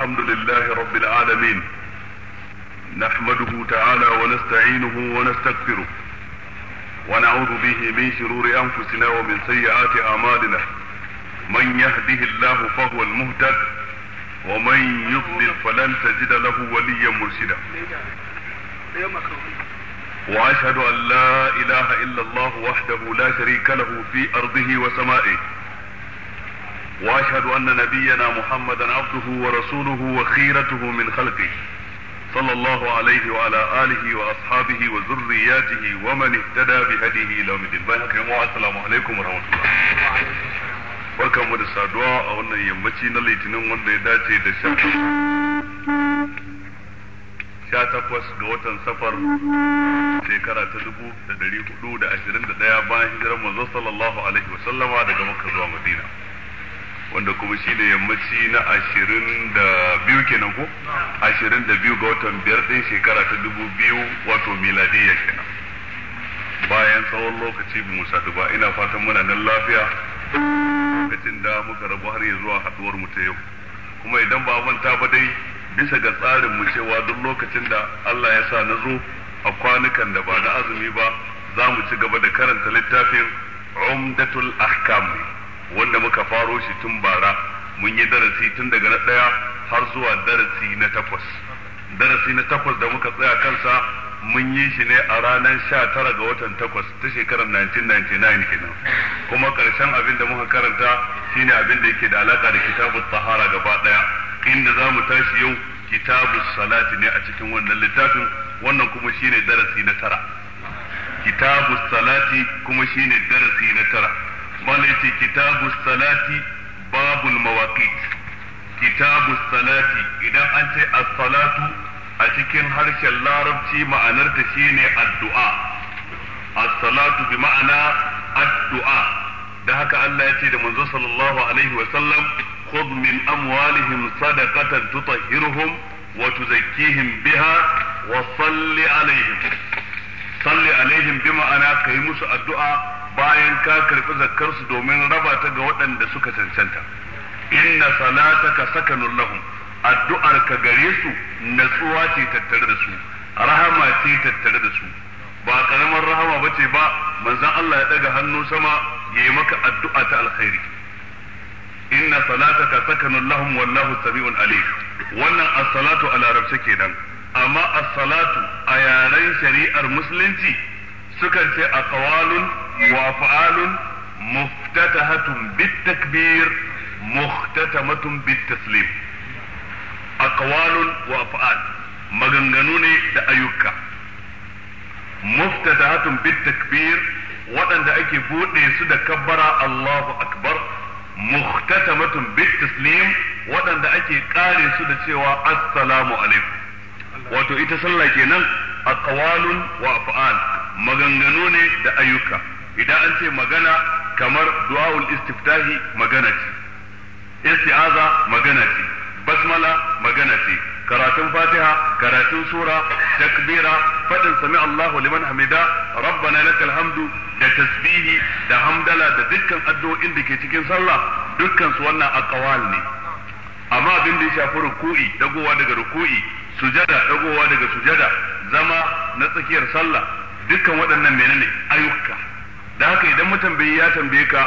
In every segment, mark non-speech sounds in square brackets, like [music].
الحمد لله رب العالمين نحمده تعالى ونستعينه ونستغفره ونعوذ به من شرور انفسنا ومن سيئات اعمالنا من يهده الله فهو المهتد ومن يضلل فلن تجد له وليا مرشدا واشهد ان لا اله الا الله وحده لا شريك له في ارضه وسمائه واشهد ان نبينا محمدا عبده ورسوله وخيرته من خلقه صلى الله عليه وعلى اله واصحابه وذرياته ومن اهتدى بهديه الى يوم الدين السلام عليكم ورحمه الله barkan mu da saduwa a wannan yammaci na litinin wanda ya dace da sha takwas ga watan safar shekara ta dubu da dari hudu da ashirin da ɗaya bayan hijirar manzo sallallahu alaihi wasallama daga makka zuwa madina wanda kuma shi ne yammaci na ashirin da biyu kenan ko ashirin da biyu ga watan biyar ɗin shekara ta dubu biyu wato miladiyya kenan bayan tsawon lokaci ba mu ba ina fatan muna nan lafiya lokacin da muka rabu har ya zuwa haɗuwar mu ta yau kuma idan ba manta ba dai bisa ga tsarin mu cewa duk lokacin da Allah ya sa na zo a kwanukan da ba na azumi ba za mu ci gaba da karanta littafin umdatul ahkam wanda muka faro shi tun bara mun yi darasi tun daga na ɗaya har zuwa darasi na takwas darasi na takwas da muka tsaya kansa mun yi shi ne a ranar sha tara ga watan takwas ta shekarar 1999 kenan kuma ƙarshen abin da muka karanta shine abin da yake da alaka da kitabun tahara gaba ɗaya inda za mu tashi yau kitabun salati ne a cikin wannan littafin wannan kuma shine darasi na tara kitabun salati kuma shine darasi na tara malaiti kitabu salati babul mawaqit kitabu salati idan an ce as-salatu a cikin harshen larabci ma'anar ta shine addu'a as-salatu bi ma'ana addu'a da haka Allah ya ce da manzo sallallahu alaihi wa sallam khudh min amwalihim sadaqatan tutahhiruhum wa tuzakkihim biha wa salli alaihim salli alaihim bi ma'ana kai musu addu'a bayan ka karɓi zakkarsu domin raba ta ga waɗanda suka cancanta inna salataka sakanun lahum addu'ar ka gare su natsuwa ce tattare da su rahama ce tattare da su ba karamar rahama ba ce ba manzon Allah ya daga hannu sama ya yi maka addu'a ta alkhairi inna salataka sakanun lahum wallahu sami'un alim wannan as-salatu a larabce kenan amma as-salatu a yaren shari'ar musulunci sukan ce a kawalun وافعال مفتتحة بالتكبير مختتمة بالتسليم اقوال وافعال maganganune da ayyuka muftatahatun bit takbir waɗanda ake buɗe su da kabbara Allahu akbar muftatamatun bit taslim waɗanda ake ƙare su da cewa assalamu wato ita sallah kenan aqwalun wa af'al maganganune da ayyuka idan an ce magana kamar du'aul istiftahi magana ce isti'aza magana ce basmala magana ce karatun fatiha karatun sura takbira fadin sami Allahu liman hamida rabbana lakal hamdu da tasbihi da hamdala da dukkan addu'o'in da ke cikin sallah dukkan su wannan aqwal ne amma abin da ya shafi ruku'i dagowa daga ruku'i sujada dagowa daga sujada zama na tsakiyar sallah dukkan waɗannan menene ayyuka da haka idan tambayi ya tambaye ka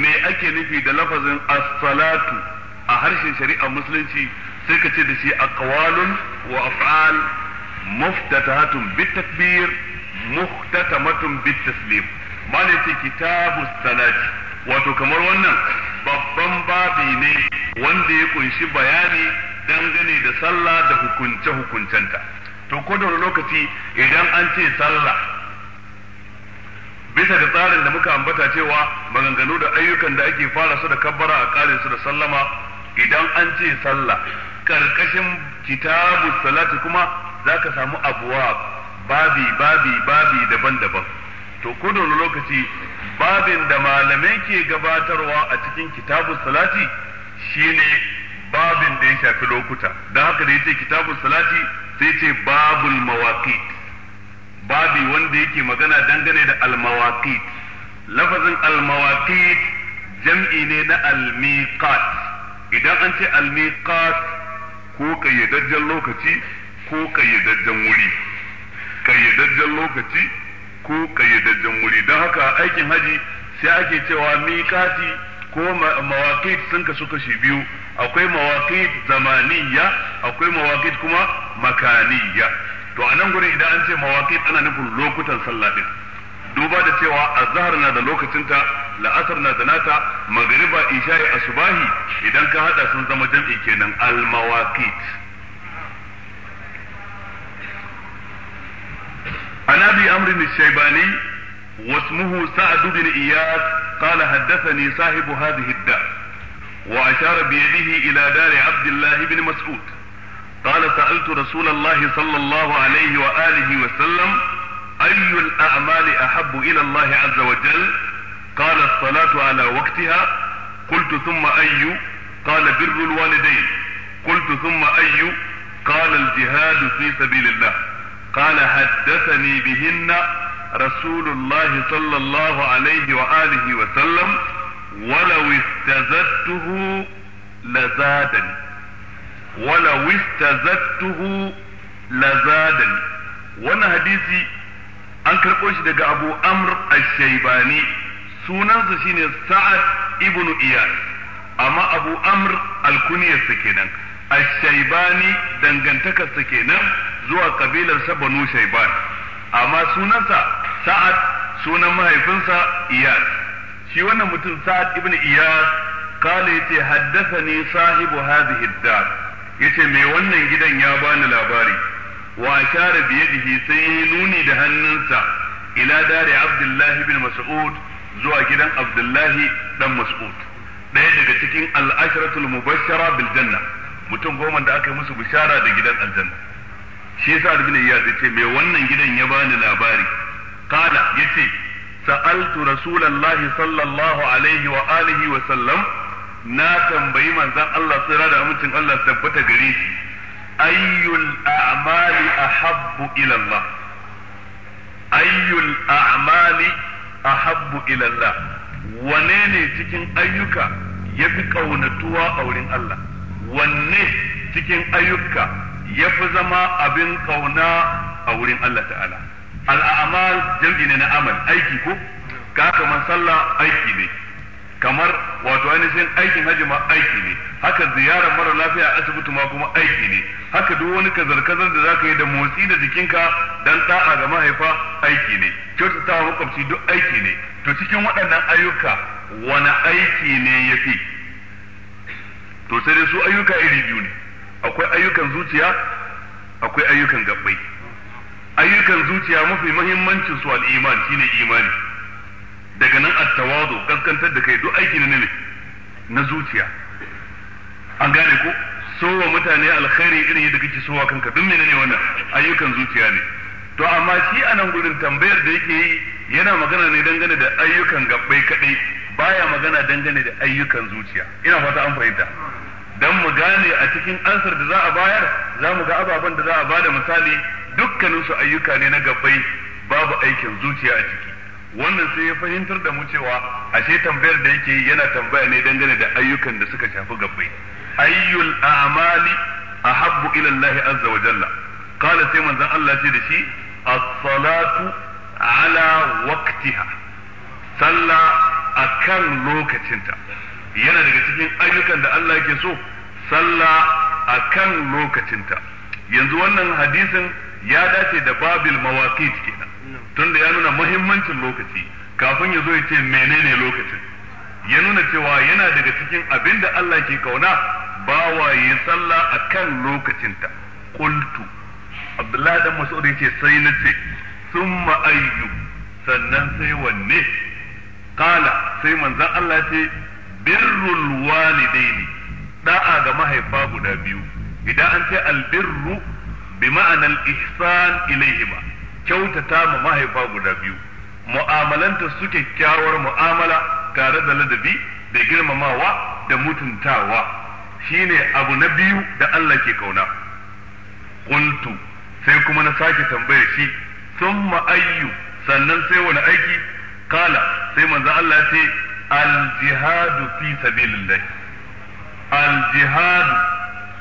me ake nufi da lafazin as-salatu a harshen shari'a musulunci sai ka ce da shi aqwalun wa af'al muftatahatun bitakbir muhtatamatun bitaslim mana ce kitabu salati wato kamar wannan babban babi ne wanda ya kunshi bayani dangane da sallah da hukunce hukuncenta to ko da lokaci idan an ce sallah bisa da tsarin da muka ambata cewa maganganu da ayyukan da ake fara su da kabbara a ƙare su da sallama idan an ce sallah karkashin kitabu salati kuma zaka samu abuwa babi babi babi daban-daban to ko da lokaci babin da malamai ke gabatarwa a cikin kitabu salati shine babin da ya shafi lokuta don haka da ya ce kitabu salati sai ce babul mawaqit babi wanda yake magana dangane da almawaqit lafazin almawaqit jam'i ne na almiqat idan an ce almiqat ko kayyadajjen lokaci ko kayyadajjen wuri kayyadajjen lokaci ko kayyadajjen wuri don haka aikin haji sai ake cewa miqati ko mawaqit sun kasu kashi biyu akwai mawaqit zamaniya akwai mawaqit kuma makaniya to a nan gurin idan an ce mawaki ana nufin lokutan sallah din duba da cewa azhar na da lokacinta la'asar na da nata magriba isha'i asubahi idan ka hada sun zama jam'i kenan al mawaqit عن ابي عمرو الشيباني واسمه سعد بن اياس قال حدثني صاحب هذه الدار واشار بيده الى دار عبد الله بن مسعود قال سألت رسول الله صلى الله عليه وآله وسلم أي الأعمال أحب إلى الله عز وجل قال الصلاة على وقتها قلت ثم أي قال بر الوالدين قلت ثم أي قال الجهاد في سبيل الله قال حدثني بهن رسول الله صلى الله عليه وآله وسلم ولو استزدته لزادني wala wistazattuhu lazadan wannan hadisi an karɓo shi daga Abu Amr Ash-Shaybani sunansa shine Sa'ad ibn Iyas amma Abu Amr al-kunyarsa kenan Ash-Shaybani dangantakarsa kenan zuwa kabilar sa Banu Shayban amma sunansa Sa'ad sunan mahaifinsa Iyas shi wannan mutum Sa'ad ibn Iyas قال يتي حدثني صاحب هذه الدار yace me wannan gidan ya bani labari wa ashara bi yadihi sai ya nuni da hannunsa ila dare abdullahi bin mas'ud zuwa gidan abdullahi dan mas'ud Daya daga cikin al'asharatul mubashshara bil janna mutum goma da aka yi musu bishara da gidan aljanna shi yasa ibn iyad yace me wannan gidan ya bani labari qala yace sa'altu rasulullahi sallallahu alaihi wa alihi wa sallam na tambayi manzan Allah tsira da amincin Allah tabbata gare shi ayyul a'mali ahabbu ila Allah ayyul a'mali ahabbu ila Allah wane ne cikin ayyuka yafi kaunatuwa a wurin Allah wanne cikin ayyuka yafi zama abin kauna a wurin Allah ta'ala al jam'i ne na amal aiki ko ka kamar sallah aiki ne kamar wato ainihin aikin hajji ma aiki ne haka ziyarar mara lafiya asibiti ma kuma aiki ne haka duk wani kazar-kazar da zaka yi da motsi da jikinka dan da'a ga mahaifa aiki ne wa makwabci duk aiki ne to cikin waɗannan ayyuka wani aiki ne ya fi to sai dai su ayyuka iri biyu ne akwai ayyukan zuciya akwai ayyukan gabbai ayyukan zuciya mafi muhimmancin su al'iman shine imani daga nan at-tawadu gaskantar da kai duk aiki ne ne na zuciya an gane ko sowa mutane alkhairi irin yadda kake sowa kanka duk menene wannan ayyukan zuciya ne to amma shi a nan gurin tambayar da yake yi yana magana ne dangane da ayyukan gabbai kadai baya magana dangane da ayyukan zuciya ina fata an fahimta dan mu gane a cikin ansar da za a bayar za mu ga ababen da za a bada misali dukkaninsu ayyuka ne na gabbai babu aikin zuciya a ciki wannan sai ya fahimtar da mu cewa ashe tambayar da yake yana tambaya ne dangane da ayyukan da suka shafi gabbai ayyul a'mali ahabbu ila Allah azza wa jalla qala sai manzon Allah ce da shi as-salatu ala waqtiha sallah akan lokacinta yana daga cikin ayyukan da Allah yake so sallah akan lokacinta yanzu wannan hadisin ya dace da babil mawaqit kenan tunda ya nuna muhimmancin lokaci kafin ya zo ya ce menene lokacin ya nuna cewa yana daga cikin abin da Allah ke kauna wa yi sallah a kan lokacinta qultu Abdullahi dan Mas'ud ce sai na ce sun ayyu sannan sai wanne kala sai manzon Allah ce birrul walidaini da'a ga mahaifa guda biyu idan an ce albirru bi ma'anar ihsan ilaihima kyautata ma mahaifa guda biyu mu'amalanta su kyakkyawar mu'amala tare da ladabi da girmamawa da mutuntawa shine abu na biyu da Allah ke kauna Kuntu sai kuma na sake tambayar shi sun ayyu sannan sai wani aiki kala sai manzan Allah ce aljihadu fi sabilillah Aljihadu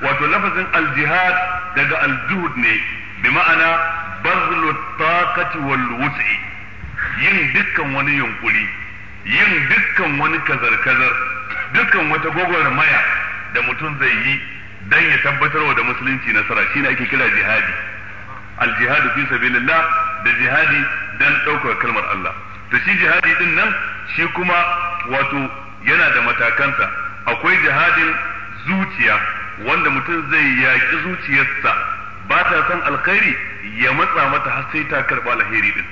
wato lafazin aljihad daga al ne bi ma'ana bazlu taqati wal wus'i yin dukkan wani yunkuri yin dukkan wani kazar-kazar dukkan wata maya da mutum zai yi dan ya tabbatar wa da musulunci nasara shine ake kira jihadi al jihadu fi sabilillah da jihadi dan ɗaukar kalmar Allah to shi jihadi din nan shi kuma wato yana da matakansa akwai jihadin zuciya wanda mutum zai yaƙi zuciyarsa ba ta son alkhairi ya matsa mata har sai ta karba alheri din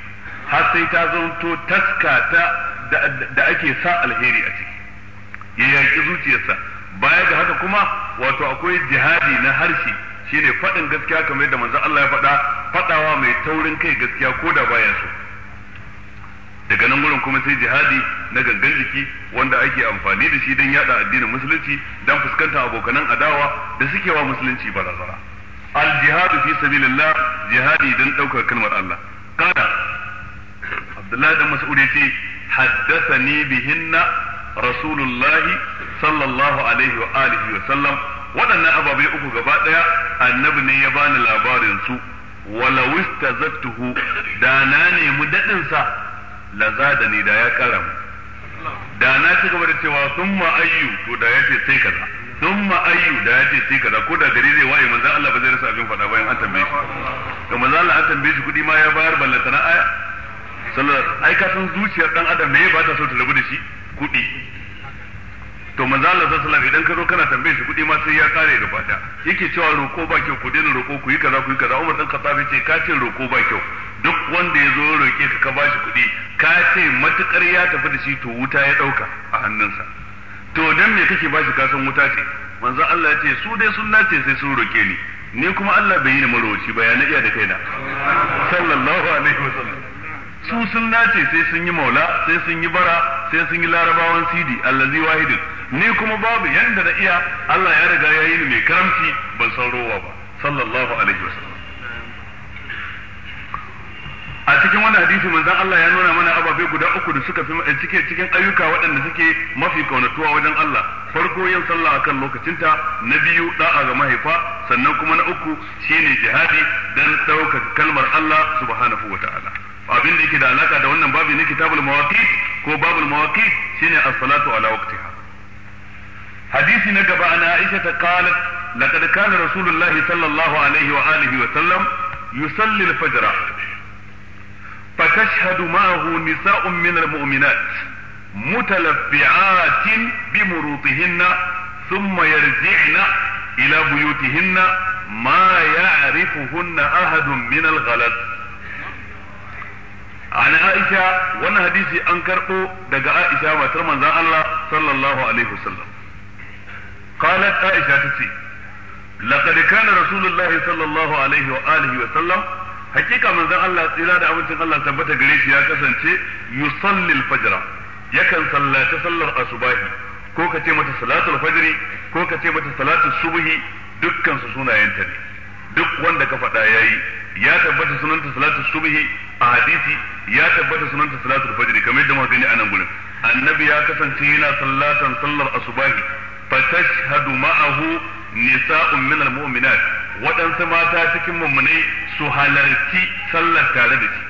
har sai ta zanto taska ta da ake sa alheri a ciki ya yaƙi zuciyarsa baya ga haka kuma wato akwai jihadi na harshe shine faɗin gaskiya kamar yadda manzo Allah ya faɗa faɗawa mai taurin kai gaskiya ko da baya so daga nan gurin kuma sai jihadi na gangan jiki wanda ake amfani da shi don yada addinin musulunci don fuskanta abokanan adawa da suke wa musulunci barazana al jihadu fi sabilillah jihadi dan daukar kalmar Allah kada Abdullahi dan Mas'ud yace haddathani bihinna rasulullahi sallallahu alaihi wa alihi wa sallam waɗannan ababai uku gaba ɗaya annabi ne ya bani labarin su walau istazattuhu da na mu daɗin sa lazada ni da ya kara da na ci gaba da cewa sun ayyu to da ya ce sai kaza sun ma'ayu da ya ce sai kaza ko da gari zai waye manzan Allah ba zai rasa abin faɗa bayan an tambaye shi ga manzan Allah an tambaye shi kuɗi ma ya bayar ballantana aya sallar ai ka san zuciyar dan adam ne ba ta so ta rabu da shi kuɗi to manzan Allah sun salam idan ka zo kana tambaye shi kuɗi ma sai ya kare gaba ɗaya yake cewa roko ba kyau ku daina roko ku yi kaza ku yi kaza Umar dan Khattab ce ka ce roko ba kyau duk wanda ya zo roke ka ka bashi kuɗi ka ce matukar ya tafi da shi to wuta ya ɗauka a hannunsa to dan me kake bashi kasan wuta ce manzo Allah ya ce su dai sunna ce sai sun roke ni ni kuma Allah bai yi ni marwaci ba ya na iya da kaina sallallahu alaihi wasallam su sun nace sai sun yi maula sai sun yi bara sai sun yi larabawan sidi allazi wahidin ni kuma babu yanda na iya Allah ya riga ya yi ni mai karamci ban san rowa ba sallallahu alaihi wasallam a cikin wannan hadisi manzon Allah ya nuna mana ababe guda uku da suka fi cike cikin ayyuka waɗanda suke mafi kaunatuwa wajen Allah farko yin sallah akan lokacinta na biyu da'a ga mahaifa sannan kuma na uku shine jihadi dan ɗaukaka kalmar Allah subhanahu wataala abin da yake da alaka da wannan babu ne kitabul mawaqit ko babul mawaqit shine as-salatu ala waqtiha hadisi na gaba ana Aisha ta qalat laqad kana rasulullahi sallallahu alaihi wa alihi wa sallam yusalli al-fajr وتشهد معه نساء من المؤمنات متلبعات بمروطهن ثم يرجعن إلى بيوتهن ما يعرفهن أحد من الغلط عن عائشة وانا حديثي أنكرت دقاء عائشة ما ترمى الله صلى الله عليه وسلم قالت عائشة تسي لقد كان رسول الله صلى الله عليه وآله وسلم hakika manzon Allah tsira da abincin Allah tabbata gare shi ya kasance yusallil fajra yakan sallaci sallar asubahi ko ka ce mata salatul fajri ko ka ce mata salatul subhi dukkan su sunayenta ne duk wanda ka faɗa yayi ya tabbata sunanta salatul subhi a hadisi ya tabbata sunanta salatul fajri kamar yadda muka gani a nan gurin annabi ya kasance yana sallatan sallar asubahi fatashhadu ma'ahu nisa'un minal mu'minat waɗansu mata cikin mummunai su halarci sallar tare da shi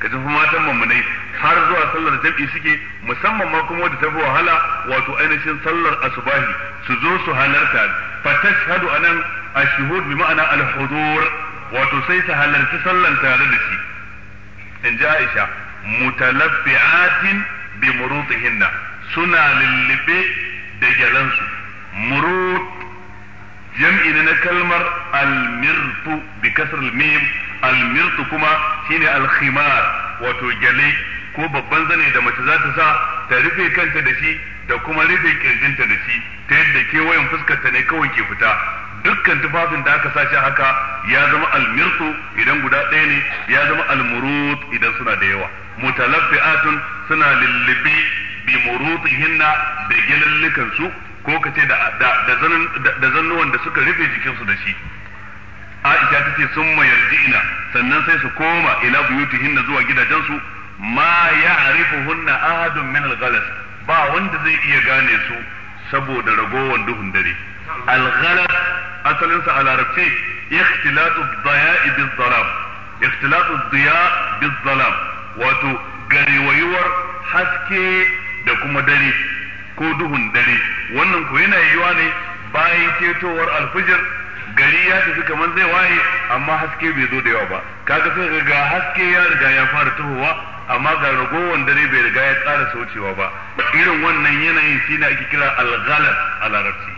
ka tafi matan mummunai har zuwa sallar jam'i suke musamman ma kuma wadda tafi wahala wato ainihin sallar asubahi su zo su halarta fa tashhadu anan ashhud bi ma'ana al-hudur wato sai su halarci sallar tare da shi in ji Aisha mutalabbi'atin bi murutihinna suna lullube da gyalansu murut jam'i na kalmar almirtu bi kasr mim almirtu kuma shine alkhimar wato gyale ko babban zane da mace za ta sa ta rufe kanta da shi da kuma rufe kirjinta da shi ta yadda kewayen fuskarta ne kawai ke fita dukkan tufafin da aka sashi haka ya zama almirtu idan guda ɗaya ne ya zama almurut idan suna da yawa mutalaffi'atun suna lullubi bi murutihinna da gelallukan su ko ka ce da da zannuwan da suka rufe jikinsu da shi Aisha ta ce sun ina sannan sai su koma ila buyutihinna zuwa gidajensu ma ya'rifuhunna ahadun min al-ghalas ba wanda zai iya gane su saboda ragowar duhun dare al-ghalas asalin sa a larabce ikhtilatu dhaya'i biz ikhtilatu dhiya biz wato garewayuwar haske da kuma dare ko duhun dare wannan ku yana yiwa ne bayan ketowar alfijir gari ya tafi kamar zai waye amma haske bai zo da yawa ba kaga sai ga haske ya riga ya fara tahowa amma ga ragowar dare bai riga ya tsara saucewa ba irin wannan yanayin shi na ake kira alghalar a larabci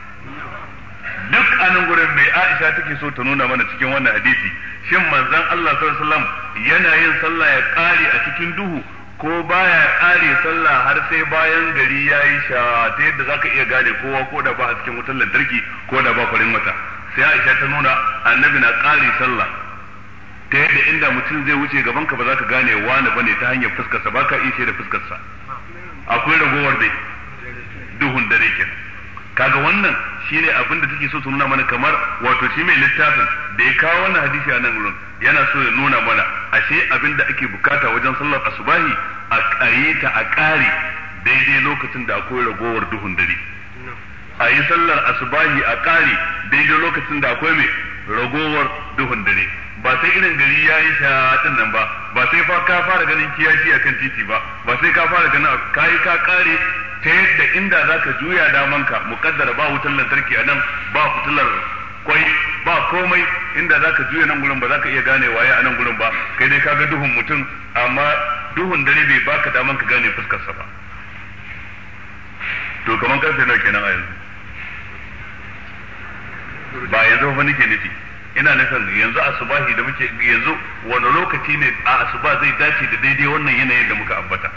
duk anan gurin mai Aisha take so ta nuna mana cikin wannan hadisi shin manzon Allah sallallahu alaihi wasallam yana yin sallah ya kare a cikin duhu ko baya ƙare sallah har sai bayan gari ya yi sha ta yadda za ka iya gane kowa ko da ba a cikin wutar lantarki ko da ba farin wata sai aisha ta nuna annabi na ƙare sallah ta yadda inda mutum zai wuce gaban ka ba za ka gane wani bane ta hanyar fuskarsa ba ka iya da fuskarsa akwai ragowar dai duhun dare kenan kaga wannan shine abin da take so ta nuna mana kamar wato shi mai littafin da ya kawo wannan hadisi a nan gurin yana so ya nuna mana ashe abin da ake bukata wajen sallar asubahi a yi ta a kare daidai lokacin da akwai ragowar duhun dare a yi sallar asubahi a kare daidai lokacin da akwai mai ragowar duhun dare ba sai irin gari ya yi shaɗin nan ba ba sai fa ka fara ganin kiyashi akan titi ba ba sai ka fara ganin ka yi ka kare ta yadda inda za ka juya damanka muƙaddara ba wutar lantarki a nan ba fitilar kwai ba komai inda za ka juya nan gurin ba za ka iya gane waye a nan gurin ba kai dai ka ga duhun mutum amma duhun dare bai baka daman ka gane fuskarsa ba to kamar karfe nawa kenan a yanzu ba yanzu ba nake nufi ina nufin yanzu asubahi da muke yanzu wani lokaci ne a asuba zai dace da daidai wannan yanayin da muka ambata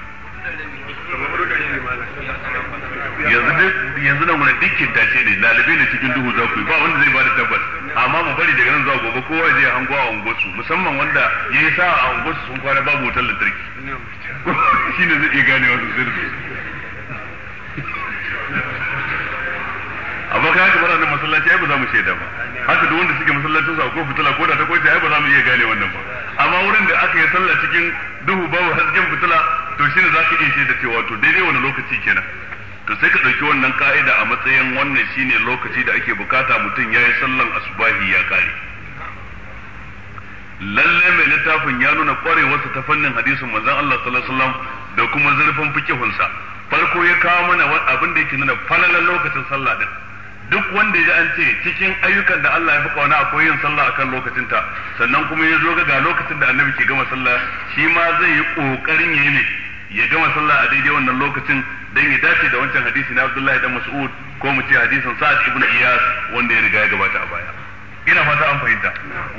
yanzu nan wani dukkin dace ne lalibai ne cikin duhu za ku yi ba wanda zai bada tabbas amma mu bari daga nan zuwa gobe kowa zai hango a unguwarsu musamman wanda ya yi sa a unguwarsu sun kwana babu wutar lantarki [laughs] shi ne zai iya gane wasu da amma kai haka nan masallaci ai ba za mu shaida ba haka duk wanda suke masallacin su ko fitila ko da ta kwace ai ba za mu iya gane wannan ba amma wurin da aka yi sallah cikin duhu babu hasken fitila to shine za ka iya shaida cewa to daidai wani lokaci kenan to sai ka ɗauki wannan ka'ida a matsayin wannan shine lokaci da ake bukata mutum ya yi sallan asubahi ya kare lalle mai littafin ya nuna kwarewarsa ta fannin hadisin manzon Allah sallallahu alaihi wasallam da kuma zurfin fikihunsa farko ya kawo mana abin da yake nuna falalan lokacin sallah din duk wanda ya an ce cikin ayyukan da Allah ya fi kauna akwai yin sallah akan ta sannan kuma ya zo ga lokacin da annabi ke gama sallah shi ma zai yi kokarin ya yi ne ya gama sallah a daidai wannan lokacin dan ya dace da wancan hadisi na Abdullahi dan Mas'ud ko mu ce hadisin Sa'ad ibn Iyas wanda ya riga ya gabata a baya ina fata an fahimta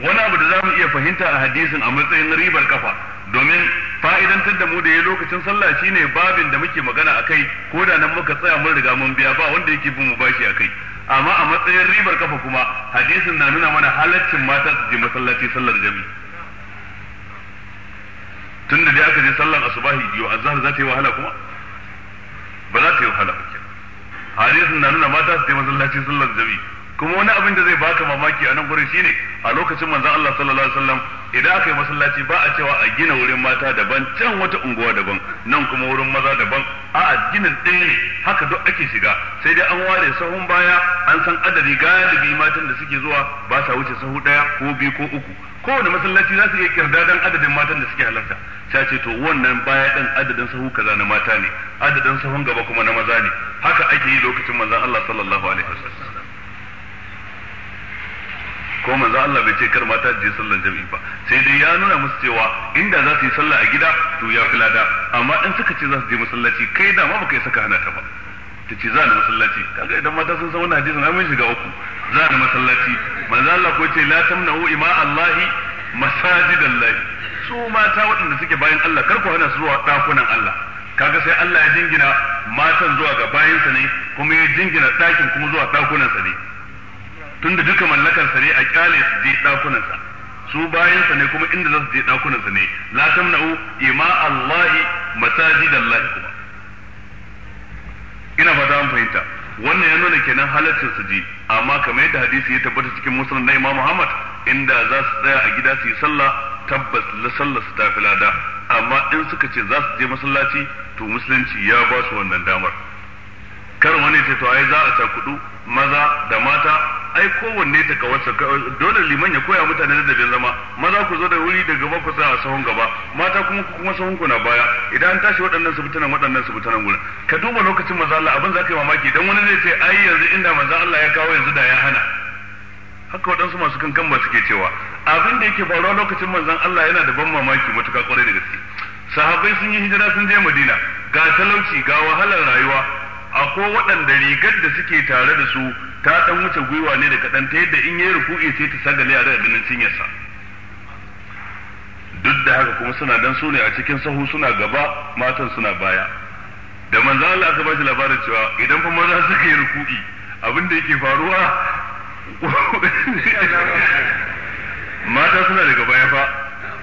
wani abu da za mu iya fahimta a hadisin a matsayin ribar kafa domin fa'idantar da mu da ya lokacin sallah shine babin da muke magana akai ko da nan muka tsaya mun riga mun biya ba wanda yake bin mu bashi akai amma a matsayin ribar kafa kuma hadisin na nuna mana halaccin mata su je masallaci sallar jami tun da dai aka je sallar asubahi biyu azhar za ta yi wahala kuma ba za ta yi wahala ba hadisin na nuna mata su je masallaci sallar jami kuma wani abin da zai baka mamaki a nan gurin shine a lokacin manzon Allah sallallahu alaihi wasallam idan aka yi masallaci ba a cewa a gina wurin mata daban can wata unguwa daban nan kuma wurin maza daban a'a ginin ɗaya ne haka duk ake shiga sai dai an ware sahun baya an san adadi galibi matan da suke zuwa ba sa wuce sahu ɗaya ko biyu ko uku kowane masallaci za su iya dan adadin matan da suke halarta ta ce to wannan baya ɗin adadin sahu kaza na mata ne adadin sahun gaba kuma na maza ne haka ake yi lokacin manzon Allah sallallahu alaihi wasallam ko manzo Allah bai ce kar mata je sallan jami'i ba sai dai ya nuna musu cewa inda za su yi sallah a gida to ya fi lada amma in suka ce za su je masallaci kai da ma baka yi saka hana ta ba ta ce za ni masallaci kaga idan mata sun san wannan hadisin ai mun shiga uku za ni masallaci manzo Allah ko ce la tamna'u ima Allahi masajidallahi su mata waɗanda suke bayan Allah kar ku hana su zuwa ɗakunan Allah kaga sai Allah ya jingina matan zuwa ga bayansa ne kuma ya jingina ɗakin kuma zuwa ɗakunansa ne tunda duka mallakarsa ne a kyale su je sa su bayansa ne kuma inda za su je dakunansa ne la tamna'u ima Allahi masajidallahi kuma ina fata an fahimta wannan ya nuna kenan halaccin su ji amma kamar yadda hadisi ya tabbata cikin musulun na Imam Muhammad inda za su tsaya a gida su yi sallah tabbas la sallah su tafi lada amma in suka ce za su je masallaci to musulunci ya ba su wannan damar kar wani ce to ai za a ta kudu maza da mata ai kowanne ta kawarsa dole liman ya koya mutane da bin zama maza ku zo da wuri da gaba ku tsaya a sahun gaba mata kuma ku kuma sahun ku na baya idan an tashi waɗannan su fitanan waɗannan su fitanan gurin ka duba lokacin maza Allah abin zaka yi mamaki dan wani zai ce ai yanzu inda maza Allah ya kawo yanzu da ya hana haka waɗansu masu kankan ba suke cewa abin da yake faruwa lokacin manzon Allah yana da ban mamaki matuƙa kwarai da gaske sahabbai sun yi hijira sun je Madina ga talauci ga wahalar rayuwa akwai waɗanda rigar da suke tare da su ta dan wuce gwiwa ne da kaɗan ta yadda in yi ruku'i sai ta sagale a daga ganin cinyarsa duk da haka kuma suna dan sune a cikin sahu suna gaba matan suna baya da manzo Allah aka ba shi labarin cewa idan fa maza suka yi ruku'i abin da yake faruwa [laughs] mata suna daga baya fa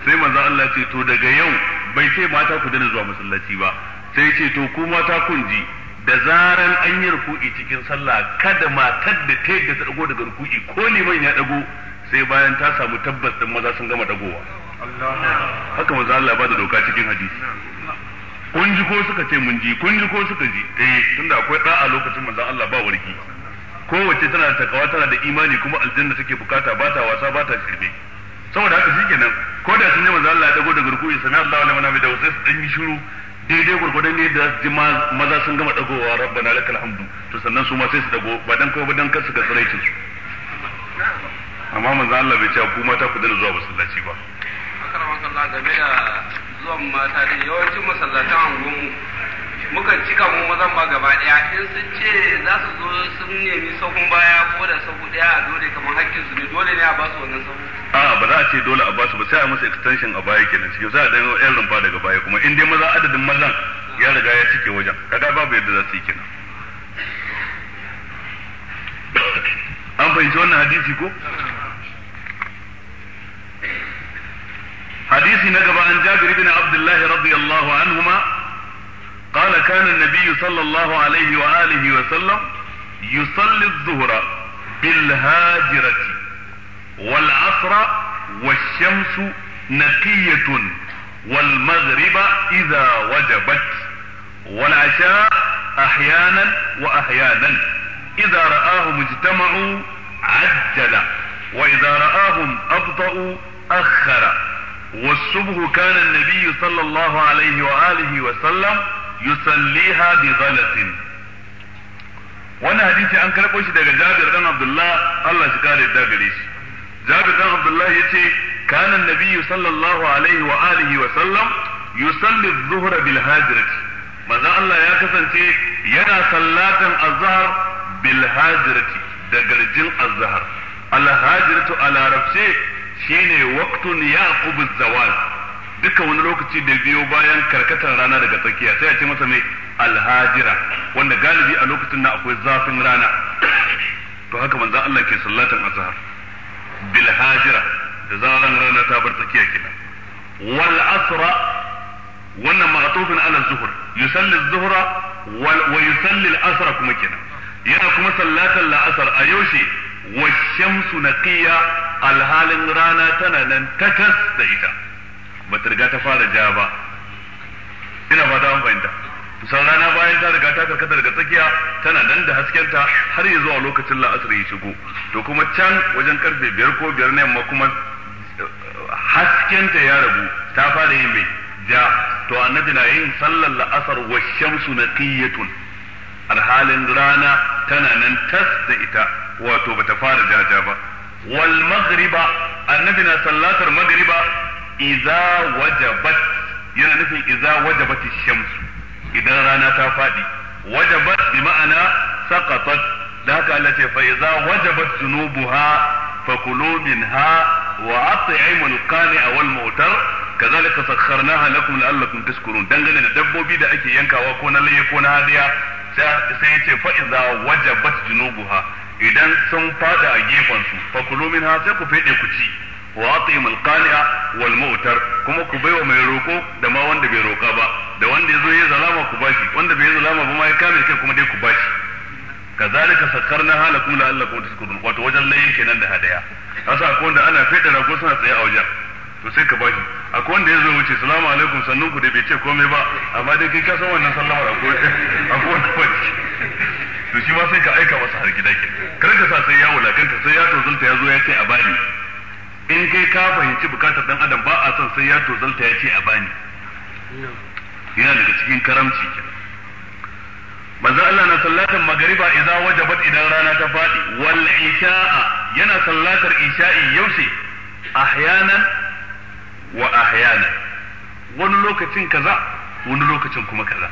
sai manzo Allah ce to daga yau bai ce mata ku dana zuwa masallaci ba sai ce to ku mata kun ji da zaran an yi ruku'i cikin sallah kada matar da ta yadda ta dago daga ruku'i ko liman ya dago sai bayan ta samu tabbas din maza sun gama dagowa haka maza Allah ba da doka cikin hadisi kun ji ko suka ce mun ji kun ji ko suka ji eh tunda akwai da'a lokacin maza Allah ba warki kowace tana da takawa tana da imani kuma aljanna take bukata ba ta wasa ba ta shirme saboda haka shikenan ko da sun yi maza Allah ya dago daga ruku'i sami Allah mana liman hamida sai su dan yi shiru daidai gurgudan ne da ji maza sun gama dagowa rabbana lakal hamdu to sannan su ma sai su dago ba dan kawai ba dan kansu su ga tsiraicin su amma manzo Allah bai ce ku mata ku dana zuwa masallaci ba Allah game da zuwan mata da yawancin masallatan anguwanmu mukan cika mu mazan ma gaba daya in sun ce za su zo sun nemi sahun baya ko da sahu daya a dole kamar hakkin su ne dole ne a ba su wannan sahu a ba za a ce dole a ba su ba sai a masa extension a baya kenan cikin za a dan yan rumfa daga baya kuma in dai maza adadin mazan ya riga ya cike wajen kaga babu yadda za su yi kenan an fahimci wannan hadisi ko hadisi na gaba an jabir ibn abdullahi radiyallahu anhuma قال كان النبي صلى الله عليه وآله وسلم يصلي الظهر بالهاجرة والعصر والشمس نقية والمغرب إذا وجبت والعشاء أحيانا وأحيانا إذا رآهم اجتمعوا عجل وإذا رآهم أبطأوا أخر والصبح كان النبي صلى الله عليه وآله وسلم yusalliha bi ghalatin wani hadisi an karɓo shi daga Jabir ɗan Abdullah Allah shi kare da gare shi Jabir dan Abdullah yace kana annabi sallallahu alaihi wa alihi wa sallam yusalli adh-dhuhra bil hajrati manzon Allah ya kasance yana sallatan azhar bil hajrati da garjin azhar al hajratu ala rabshi shine waqtun yaqub az-zawal Duka wani lokaci da biyo bayan karkatar rana daga tsakiya sai a ce masa mai alhajira wanda galibi a lokacin na akwai zafin rana to haka manzon Allah ke sallatan azhar bil hajira da zaran rana ta bar tsakiya kenan wal asra wannan ma'tufin ala zuhur yusalli zuhra wa yusalli al asra kuma kenan yana kuma sallatan la'asar a yaushe wa shamsu naqiya alhalin rana tana nan takas da ita ba ta riga ta fara ja ba ina fata an fahimta kusan rana bayan ta riga ta karkata daga tsakiya tana nan da haskenta har ya zuwa lokacin la'asar ya shigo to kuma can wajen karfe biyar ko biyar ne amma kuma eh, haskenta ya rabu ta fara yin mai ja to annabi na yin sallar la'asar wa shamsu na naqiyatun alhalin rana tana nan tas da ita wato bata fara ja ba wal maghriba annabi na sallatar maghriba iza wajabat yana nufin iza wajabat shamsu idan rana ta faɗi wajabat bi ma'ana saqatat da haka Allah ce fa iza wajabat zunubuha kulu minha wa at'imul qani'a wal mu'tar kazalika sakharnaha lakum la'allakum tashkurun dangane da dabbobi da ake yankawa ko na laye ko na hadiya sai ya ce fa iza wajabat zunubuha idan sun fada a gefen su kulu minha sai ku fede ku ci wa atimul qani'a wal mu'tar kuma ku bai wa mai roko da ma wanda bai roka ba da wanda yazo ya zalama ku bashi wanda bai yi zalama ba ma ya kame kai kuma dai ku bashi kazalika sakkarna halakum la'allakum tashkurun wato wajen layin kenan da hadaya kasa akwai wanda ana fada rago suna tsaye a wajen to sai ka bashi akwai wanda ya zo wuce salamu alaikum sannan ku da bai ce komai ba amma dai kai ka san wannan sallamar akwai akwai wanda ba to shi ma sai ka aika masa har gida ke kar ka sa sai ya wulakanta sai ya tozunta ya zo ya ce a bani in kai ka fahimci bukatar dan adam ba a son sai ya tozalta ya ce a bani yana daga cikin karamci kenan manzo Allah na sallatar magariba idza wajabat idan rana ta fadi wal isha'a yana sallatar isha'i yaushe ahyanan wa ahyanan wani lokacin kaza wani lokacin kuma kaza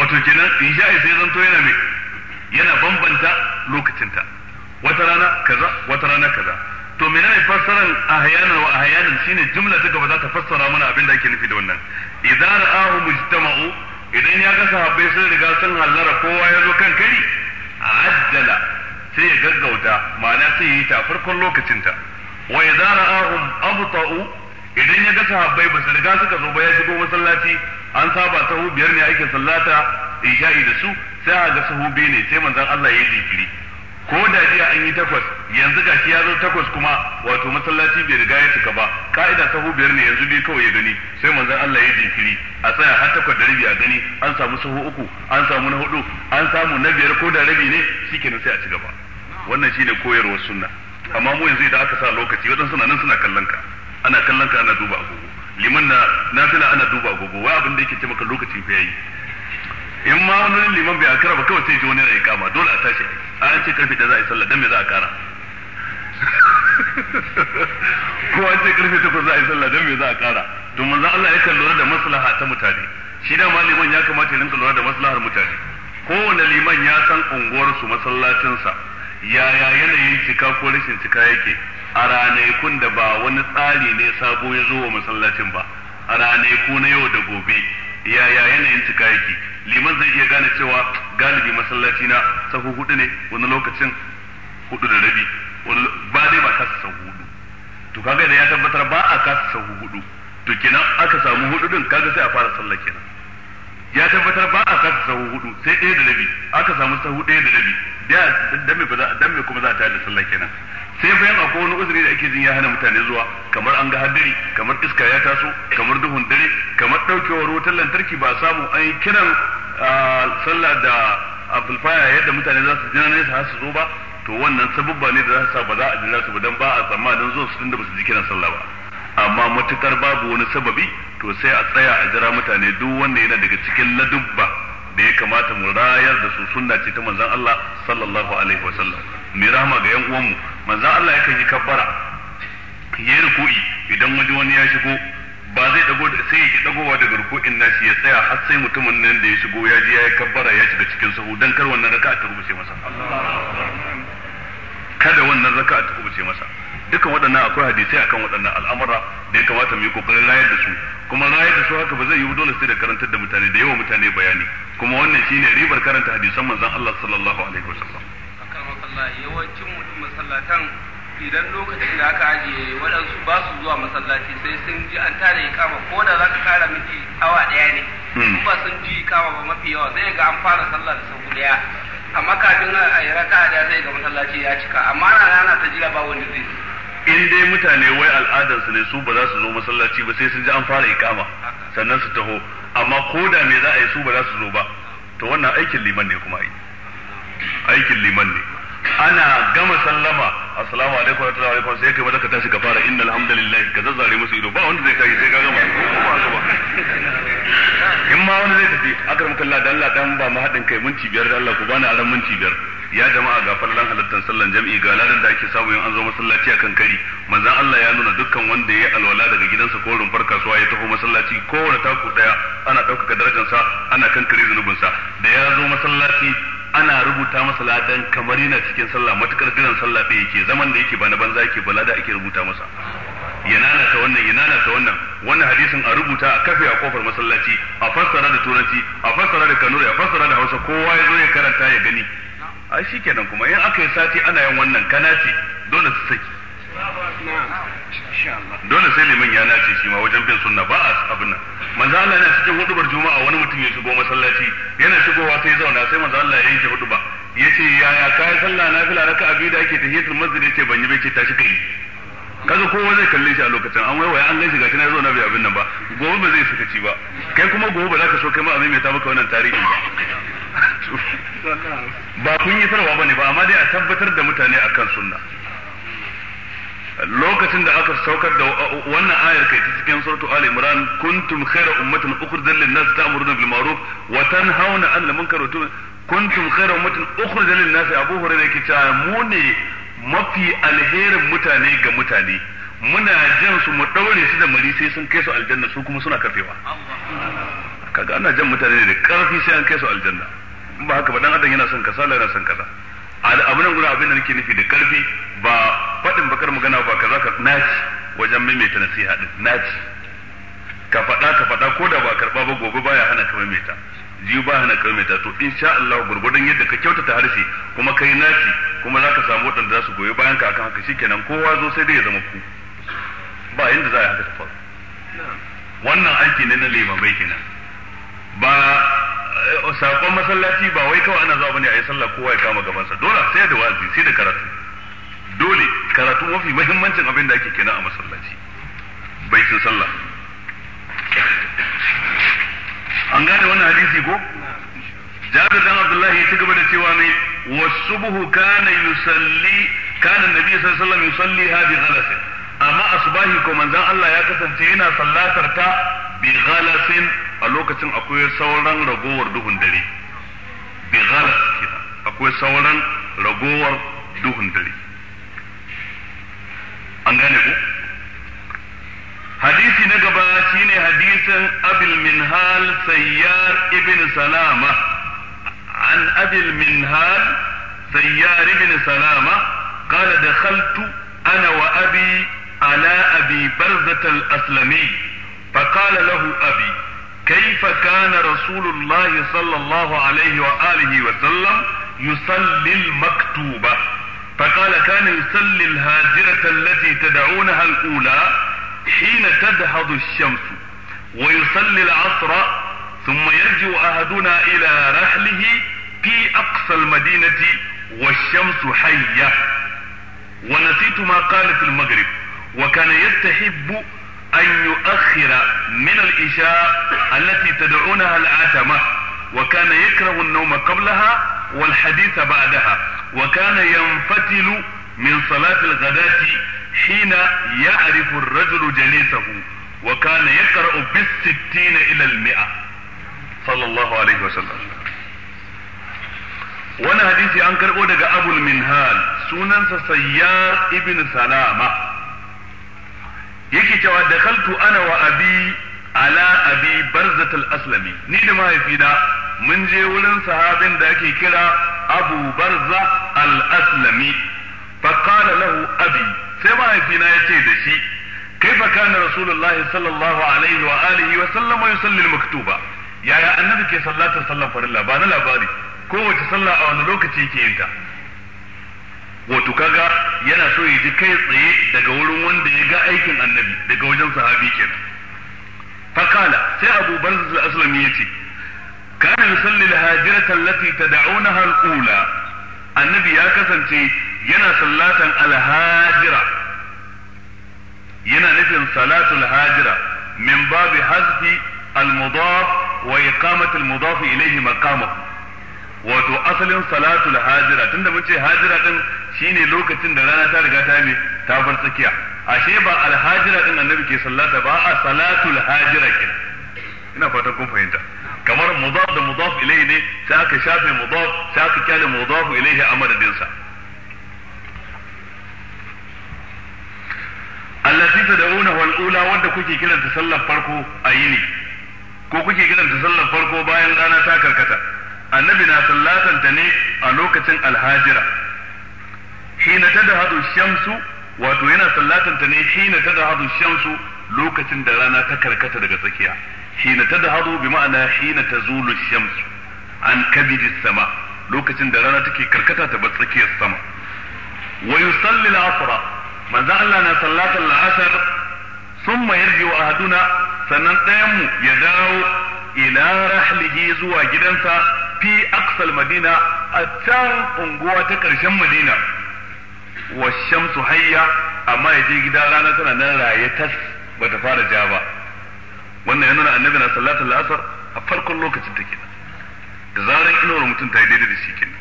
wato kenan isha'i sai zanto yana mai yana bambanta lokacinta wata rana kaza wata rana kaza to ne fassaran ahyana wa ahyana shine jumla ta gaba za ta fassara mana abin da ake nufi da wannan idza ra'ahu mujtama'u idan ya ga sahabbai sun riga sun hallara kowa ya zo kan kari ajjala sai ya gaggauta ma'ana sai yi ta farkon lokacinta wa idza ra'ahum abta'u idan ya ga sahabbai ba su riga suka zo ba ya shigo masallaci an saba sahu biyar ne ake sallata isha'i da su sai a ga sahu biyu ne sai manzon Allah ya yi jikiri ko da jiya an yi takwas yanzu shi ya zo takwas kuma wato masallaci bai riga ya cika ba ka'ida hu biyar ne yanzu biyu kawai ya gani sai manzon Allah ya jinkiri a tsaya har takwas da rabi a gani an samu sahu uku an samu na hudu an samu na biyar ko da rabi ne shikenan sai a ci gaba wannan shine koyarwar sunna amma mu yanzu idan aka sa lokaci wadan suna nan suna kallon ka ana kallon ka ana duba agogo liman na nafila ana duba agogo wai abin da yake ce maka lokacin fa yayi in ma wani wurin liman bai akara ba kawai sai ji wani yana kama dole a tashi a an ce karfe da za a yi sallah dan me za a kara [laughs] ko an ce karfe takwas za a yi sallah dan me za a kara domin manzon Allah yakan lura da maslaha ta mutane shi da ma liman ya kamata ya rinka lura da maslahar mutane kowane liman ya san unguwar su masallacinsa yaya yanayin cika ko rashin cika yake a ranakun da ba wani tsari ne sabo ya zo wa masallacin ba a ranaku na yau da gobe yaya yanayin cika yake liman zai iya gane cewa galibi masallaci na sahu hudu ne wani lokacin hudu da rabi ba dai ba kasa sahu hudu to kaga idan ya tabbatar ba a kasa sahu hudu to kenan aka samu hudu din kaga sai a fara sallah kenan ya tabbatar ba a kasa sahu hudu sai ɗaya da rabi aka samu sahu ɗaya da rabi da dan me ba za dan me kuma za ta da sallah kenan sai fa yan akwai wani uzuri da ake jin ya hana mutane zuwa kamar an ga hadari kamar iska ya taso kamar duhun dare kamar daukewar wutar lantarki ba samu an yi kiran sallah da amplifier yadda mutane za su jina nesa su zo ba to wannan sabubba ne da za su sa ba za a jira su ba dan ba a tsammanin zuwa su tunda ba su ji kiran sallah ba amma matukar babu wani sababi to sai a tsaya a jira mutane duk wanda yana daga cikin ladubba da ya kamata mu rayar da su sunna ce ta manzan Allah sallallahu alaihi wa sallam mai rahama ga yan uwanmu manzan Allah yakan yi kabbara yi ruku'i idan waje wani ya shigo ba zai dago sai ya dagowa daga ruku'in nashi ya tsaya har sai mutumin nan da ya shigo ya ji ya yi kabbara ya shiga cikin sahu dan kar wannan raka'a ta rubuce masa kada wannan raka'a ta rubuce masa dukan waɗannan akwai hadisai akan waɗannan al'amura da ya kamata mu yi kokarin rayar da su kuma rayar da su haka ba zai yiwu dole sai da karantar da mutane da yawa mutane bayani kuma wannan shine ribar karanta hadisan manzon Allah sallallahu alaihi wasallam yawancin mutum masallatan idan lokacin da aka ajiye waɗansu ba su zuwa masallaci sai sun ji an tare ya kama ko da za ka kara miji awa ɗaya ne hmm. in ba sun ji kama ba mafi yawa zai ga an fara sallah da sau ɗaya amma kafin a yi raka da zai ga masallaci ya cika amma na rana ta jira ba wani zai in dai mutane wai al'adarsu ne su ba za su zo masallaci ba sai sun ji an fara ikama sannan su taho amma ko da me za a yi su ba za su zo ba to wannan aikin liman ne kuma ai aikin liman ne ana gama sallama assalamu alaikum wa rahmatullahi wa sai kai maza ka tashi ka fara inna alhamdulillah ka zazzare musu ido ba wanda zai tashi sai ka gama in ma wani zai tafi akar mukalla da Allah dan ba mu haɗin kai minti biyar da Allah ku bani aran minti biyar ya jama'a ga farlan halittar sallan jam'i ga ladan da ake samu yin an zo masallaci akan kari manzan Allah ya nuna dukkan wanda ya alwala daga gidansa ko rumfar kasuwa ya taho masallaci kowane taku daya ana ɗaukaka sa ana kankare zunubinsa da ya zo masallaci ana rubuta masa ladan kamar yana cikin sallah matukar jiran sallah ɗaya yake zaman da yake ba na banza yake ba lada ake rubuta masa ya ta wannan ya ta wannan wannan hadisin a rubuta a kafe a kofar masallaci a fassara da turanci a fassara da kanuri a fassara da hausa kowa ya zo ya karanta ya gani a shi kenan kuma in aka yi sati ana yin wannan kana dole su saki dole sai liman ya nace shi ma wajen bin sunna ba a abin nan manzo Allah yana cikin hudubar juma'a wani mutum ya shigo masallaci yana shigowa sai zauna sai manzo Allah ya yanke huduba yace yaya kai sallah nafila raka'a biyu da ake tahiyatul masjid yace ban yi ba ce tashi kai kaga kowa zai kalle shi a lokacin an waiwaya an gaishe gashi na zo na bi abin nan ba gobe ba zai ci ba kai kuma gobe ba za ka so kai ma a maimaita maka wannan tarihin ba [laughs] ba kun yi sarwa bane ba amma dai a tabbatar da mutane akan sunna lokacin da aka saukar da wannan ayar kai ta cikin suratu Ali Imran kuntum khayra ummatin ukhrijat lin-nas ta'muruna bil ma'ruf wa tanhauna 'anil munkar wa kuntum khayra ummatin ukhrijat lin-nas Abu Hurairah yake cewa mu ne mafi alherin mutane ga mutane muna jan su mu daure su da mari sai sun kai su aljanna su kuma suna kafewa kaga ana jan mutane da karfi sai an kai su aljanna in ba haka ba dan adam yana son kasala yana son kaza Abu nan gurin abin da nake nufi da karfi ba faɗin bakar magana ba kaza ka naci wajen maimaita nasiha din naci ka faɗa ka faɗa ko da ba karɓa ba gobe baya hana ka maimaita jiyu ba hana ta to insha Allah gurgurdan yadda ka kyautata harshe kuma kai naci kuma zaka samu waɗanda za su goyi bayan ka akan haka shikenan kowa zo sai dai ya zama ku ba yadda za a haka ta wannan aiki ne na limamai kenan ba eh, sakon masallaci ba wai kawai ana zuwa bane a yi sallah kowa ya kama gabansa dole sai da wazi sai da karatu dole karatu mafi mahimmancin abin da ake kenan a masallaci baitin sallah an gane wannan hadisi ko jabir dan abdullahi ya ci gaba da cewa mai wasubuhu kana yusalli kana nabi sallallahu alaihi wasallam yusalli ha ghalas amma asbahi ko manzon Allah ya kasance yana sallatar ta bi ghalasin a lokacin akwai sauran ragowar duhun dare bi ghalas akwai sauran ragowar duhun dare an gane ko hadisi na gaba shine hadisin abil minhal sayyar ibn salama an abil minhal sayyar ibn salama قال دخلت أنا وأبي على أبي برزة الأسلمي فقال له أبي كيف كان رسول الله صلى الله عليه وآله وسلم يصلي المكتوبة فقال كان يصلي الهاجرة التي تدعونها الأولى حين تدهض الشمس ويصلي العصر ثم يرجع أحدنا إلى رحله في أقصى المدينة والشمس حية ونسيت ما قال في المغرب وكان يستحب أن يؤخر من الإشاء التي تدعونها العتمة وكان يكره النوم قبلها والحديث بعدها وكان ينفتل من صلاة الغداة hina ya'rifu ar-rajulu jalisahu wa mia sallallahu wani hadisi an karɓo daga Abulminhal minhal sunansa sayyar salama yake cewa da ana wa abi aslami ni da mahaifina mun je wurin sahabin da ake kira abu barza al فقال له أبي سيما يفينا يتيدشي كيف كان رسول الله صلى الله عليه وآله وسلم يصلي المكتوبة يا يا النبي كي صلاة صلى فرلا بانا لا باري كوة صلى أو نلوك تيكي انت wato kaga yana so ya ji kai tsaye daga wurin wanda ya ga aikin annabi daga wajen sahabi kenan fakala sai abu barzul aslami yace kana yusalli al-hajirata allati tad'unaha al annabi ya kasance yana sallatan alhajira yana nufin salatul hajira min babi hazfi almudaf wa iqamati almudaf ilayhi maqamahu wato asalin salatul hajira tunda mun ce hajira din shine lokacin da rana ta riga ta yi ta bar tsakiya ashe ba alhajira din annabi ke sallata ba a salatul hajira kin ina fatan kun fahimta kamar mudaf da mudaf ilayhi ne sai aka shafe mudaf sai aka kyale mudaf ilayhi a madadin sa allati tad'una wal ula wanda kuke kiranta sallar farko a yini ko kuke kiranta sallar farko bayan rana ta karkata annabi na ta ne a lokacin alhajira hina tadhadu shamsu wato yana ta ne hina tadhadu shamsu lokacin da rana ta karkata daga tsakiya hina tadhhabu bi ma'ana hina tazulu ash-shams an kabidi sama lokacin da rana take karkata ta bar tsakiyar sama wa yusalli al-asr manzo Allah na sallatar sun asr thumma yarji'u ahaduna sannan ɗayan mu ya dawo ila rahlihi zuwa gidansa fi aqsal madina a can unguwa ta karshen madina wa shamsu hayya amma ya je gida rana tana nan raye tas bata fara ja ba wannan ya nuna annabi na salatul asar a farkon lokacin ta da zaran inuwar mutum ta yi daidai da shi kenan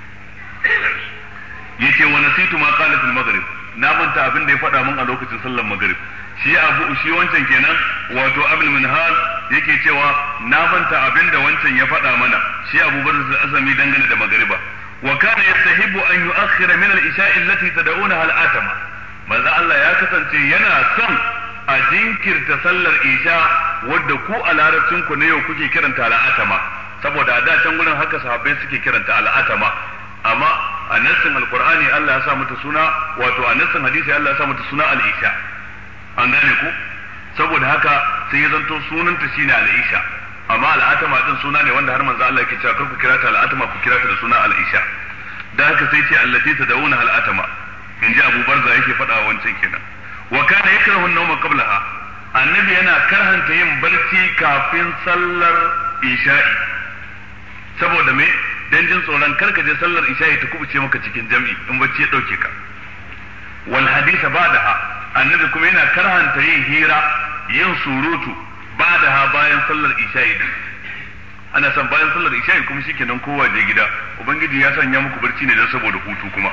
yace wa Situ ma qalat al na manta abin da ya faɗa min a lokacin sallar maghrib shi abu shi wancan kenan wato abul minhal yake cewa na manta abin da wancan ya faɗa mana shi abu bakr azami dangane da Magariba. wa kana yastahibu an yu'akhkhira min al-isha'i allati tad'unaha al-atama manzo Allah ya kasance yana son a jinkirta sallar isha wadda ku a larabcin ku ne yau kuke kiranta al'atama saboda a da can gurin haka sahabbai suke kiranta al'atama amma a nassin alqur'ani Allah ya sa mata suna wato a nassin hadisi Allah ya sa mata suna al'isha an gane ku saboda haka sai ya zanto sunanta shine al'isha amma al'atama din suna ne wanda har manzo Allah yake cewa kar ku kirata al'atama ku kirata da suna al'isha da haka sai ce allati tadawuna al'atama in ji Abu Barza yake faɗa wancan kenan wa kana yakrahu an-nawma qablaha annabi yana karhanta yin barci kafin sallar isha'i saboda me dan jin tsoron karka je sallar isha'i ta kubuce maka cikin jam'i in bacci ya dauke ka wal hadisa ba'daha annabi kuma yana karhanta yin hira yin surutu ba'daha bayan sallar isha'i din ana san bayan sallar isha'i kuma shikenan kowa je gida ubangiji ya sanya muku barci ne dan saboda hutu kuma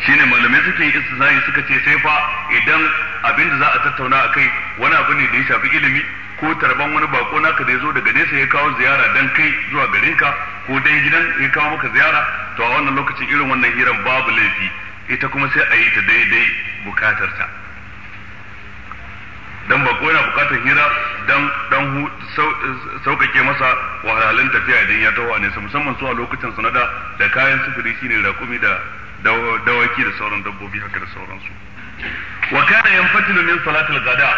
shine malamai suke yi istizai suka ce sai fa idan abin da za a tattauna a kai wani abu ne da ya shafi ilimi ko tarban wani bako naka da ya zo daga nesa ya kawo ziyara dan kai zuwa garin ka ko dan gidan ya kawo maka ziyara to a wannan lokacin irin wannan hiran babu laifi ita kuma sai a yi ta daidai ta. dan bako yana bukatar hira dan dan sauƙaƙe masa wahalhalun tafiya idan ya taho a nesa musamman su a lokacin sanada da kayan sufuri shine rakumi da dawaki da sauran dabbobi haka da sauransu wa kana yanfatilu min salatil gada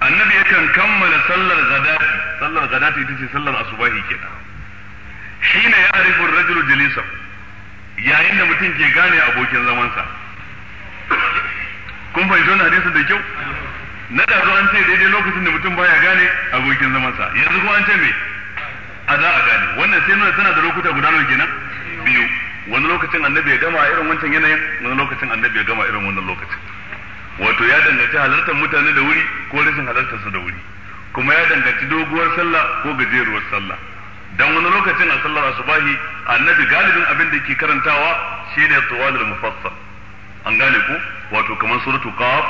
annabi yakan kammala sallar gada sallar ghada ita ce sallar asubahi kenan shine ya arifu rajulu jalisa yayin da mutum ke gane abokin zamansa kun fahimci wannan hadisin da kyau na da an ce daidai lokacin da mutum baya gane abokin zamansa yanzu kuma an ce me a za a gane wannan sai nuna tana da lokuta guda nawa kenan biyu wani lokacin annabi ya gama irin wancan yanayin wani lokacin annabi ya gama irin wannan lokacin wato ya danganci halartar mutane da wuri ko rashin halartar su da wuri kuma ya danganci doguwar sallah ko gajeruwar sallah dan wani lokacin a sallar asubahi annabi galibin abin da ke karantawa shine tuwalul mufassal an gane ko wato kamar suratul qaf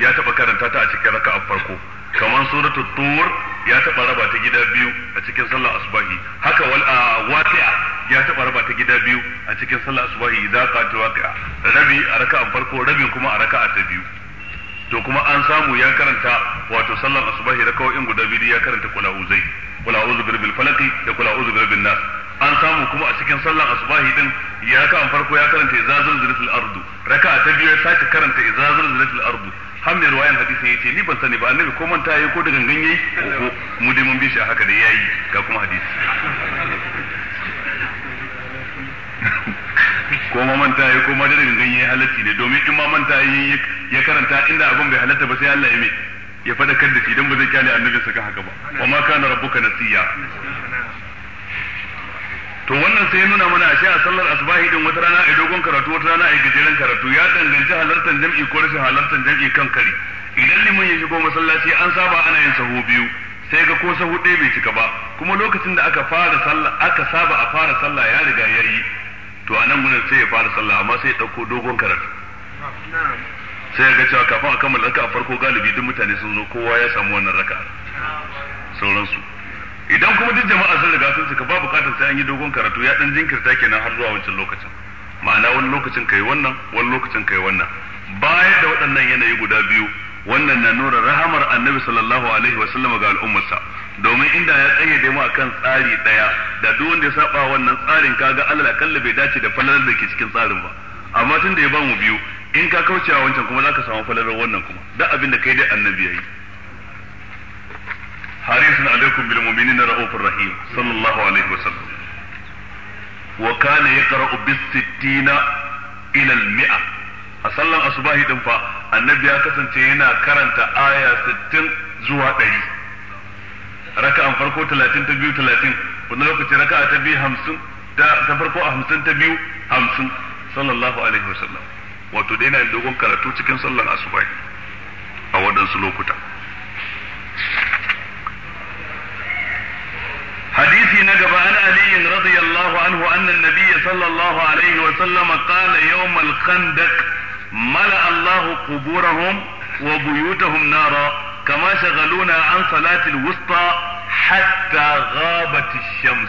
ya taba karanta ta a cikin raka'a farko kamar suratul tur ya taɓa raba ta gida biyu a cikin sallar asubahi haka wal waqi'a ya taɓa raba ta gida biyu a cikin sallar asubahi idza qatu waqi'a rabi a raka'a farko rabi kuma a raka'a ta biyu to kuma an samu ya karanta wato sallar asubahi raka'o'in guda biyu ya karanta kula uzai kula uzu birbil falaki da kula uzu birbil nas an samu kuma a cikin sallar asubahi din ya ka an farko ya karanta idza zilzilatil ardu raka'a ta biyu ya sake karanta idza zilzilatil ardu har mai ruwayan hadisin ce ni ban sani ba annabi ko manta yayi ko da gangan ko mu dai mun bi shi haka da yayi ga kuma hadisi ko ma manta yayi ko ma da gangan yayi halatti ne domin in ma manta yayi ya karanta inda abin bai halatta ba sai Allah ya mai ya kan da shi dan ba zai kyale annabinsa kan haka ba wa ma kana rabbuka nasiya to wannan sai nuna mana ashe a sallar asubahi din wata rana a dogon karatu wata rana a gajeren karatu ya danganci halartar jam'i ko rashin halartar jam'i kan kari idan liman ya shigo masallaci an saba ana yin sahu biyu sai ga ko sahu ɗaya bai cika ba kuma lokacin da aka fara sallah aka saba a fara sallah ya riga ya yi to a nan gudun sai ya fara sallah amma sai ya ɗauko dogon karatu sai ga cewa kafin a kammala raka a farko galibi duk mutane sun zo kowa ya samu wannan raka sauransu idan kuma duk jama'a sun riga sun cika ba bukatar sai an yi dogon karatu ya dan jinkirta kenan har zuwa wancan lokacin ma'ana wani lokacin kai wannan wani lokacin kai wannan baya da waɗannan yanayi guda biyu wannan na nuna rahamar annabi sallallahu alaihi wa sallam ga al'ummarsa domin inda ya tsaye da mu akan tsari daya da duk wanda ya saba wannan tsarin kaga Allah akalla bai dace da falalar da ke cikin tsarin ba amma tunda ya ba mu biyu in ka kaucewa wancan kuma zaka samu falalar wannan kuma duk abin da kai dai annabi yayi harisun alaikum bil mu'minina ra'ufur rahim sallallahu alaihi wasallam wa kana yaqra'u bis sittina ila al mi'a a sallan asubahi din annabi ya kasance yana karanta aya 60 zuwa 100 raka'an farko 30 ta biyu 30 wani lokaci raka'a ta biyu 50 ta farko a 50 ta biyu 50 sallallahu alaihi wasallam wato dai yana dogon karatu cikin sallan asubahi a waɗansu lokuta حديثي نقب عن علي رضي الله عنه أن النبي صلى الله عليه وسلم قال يوم الخندق ملأ الله قبورهم وبيوتهم نارا كما شغلونا عن صلاة الوسطى حتى غابت الشمس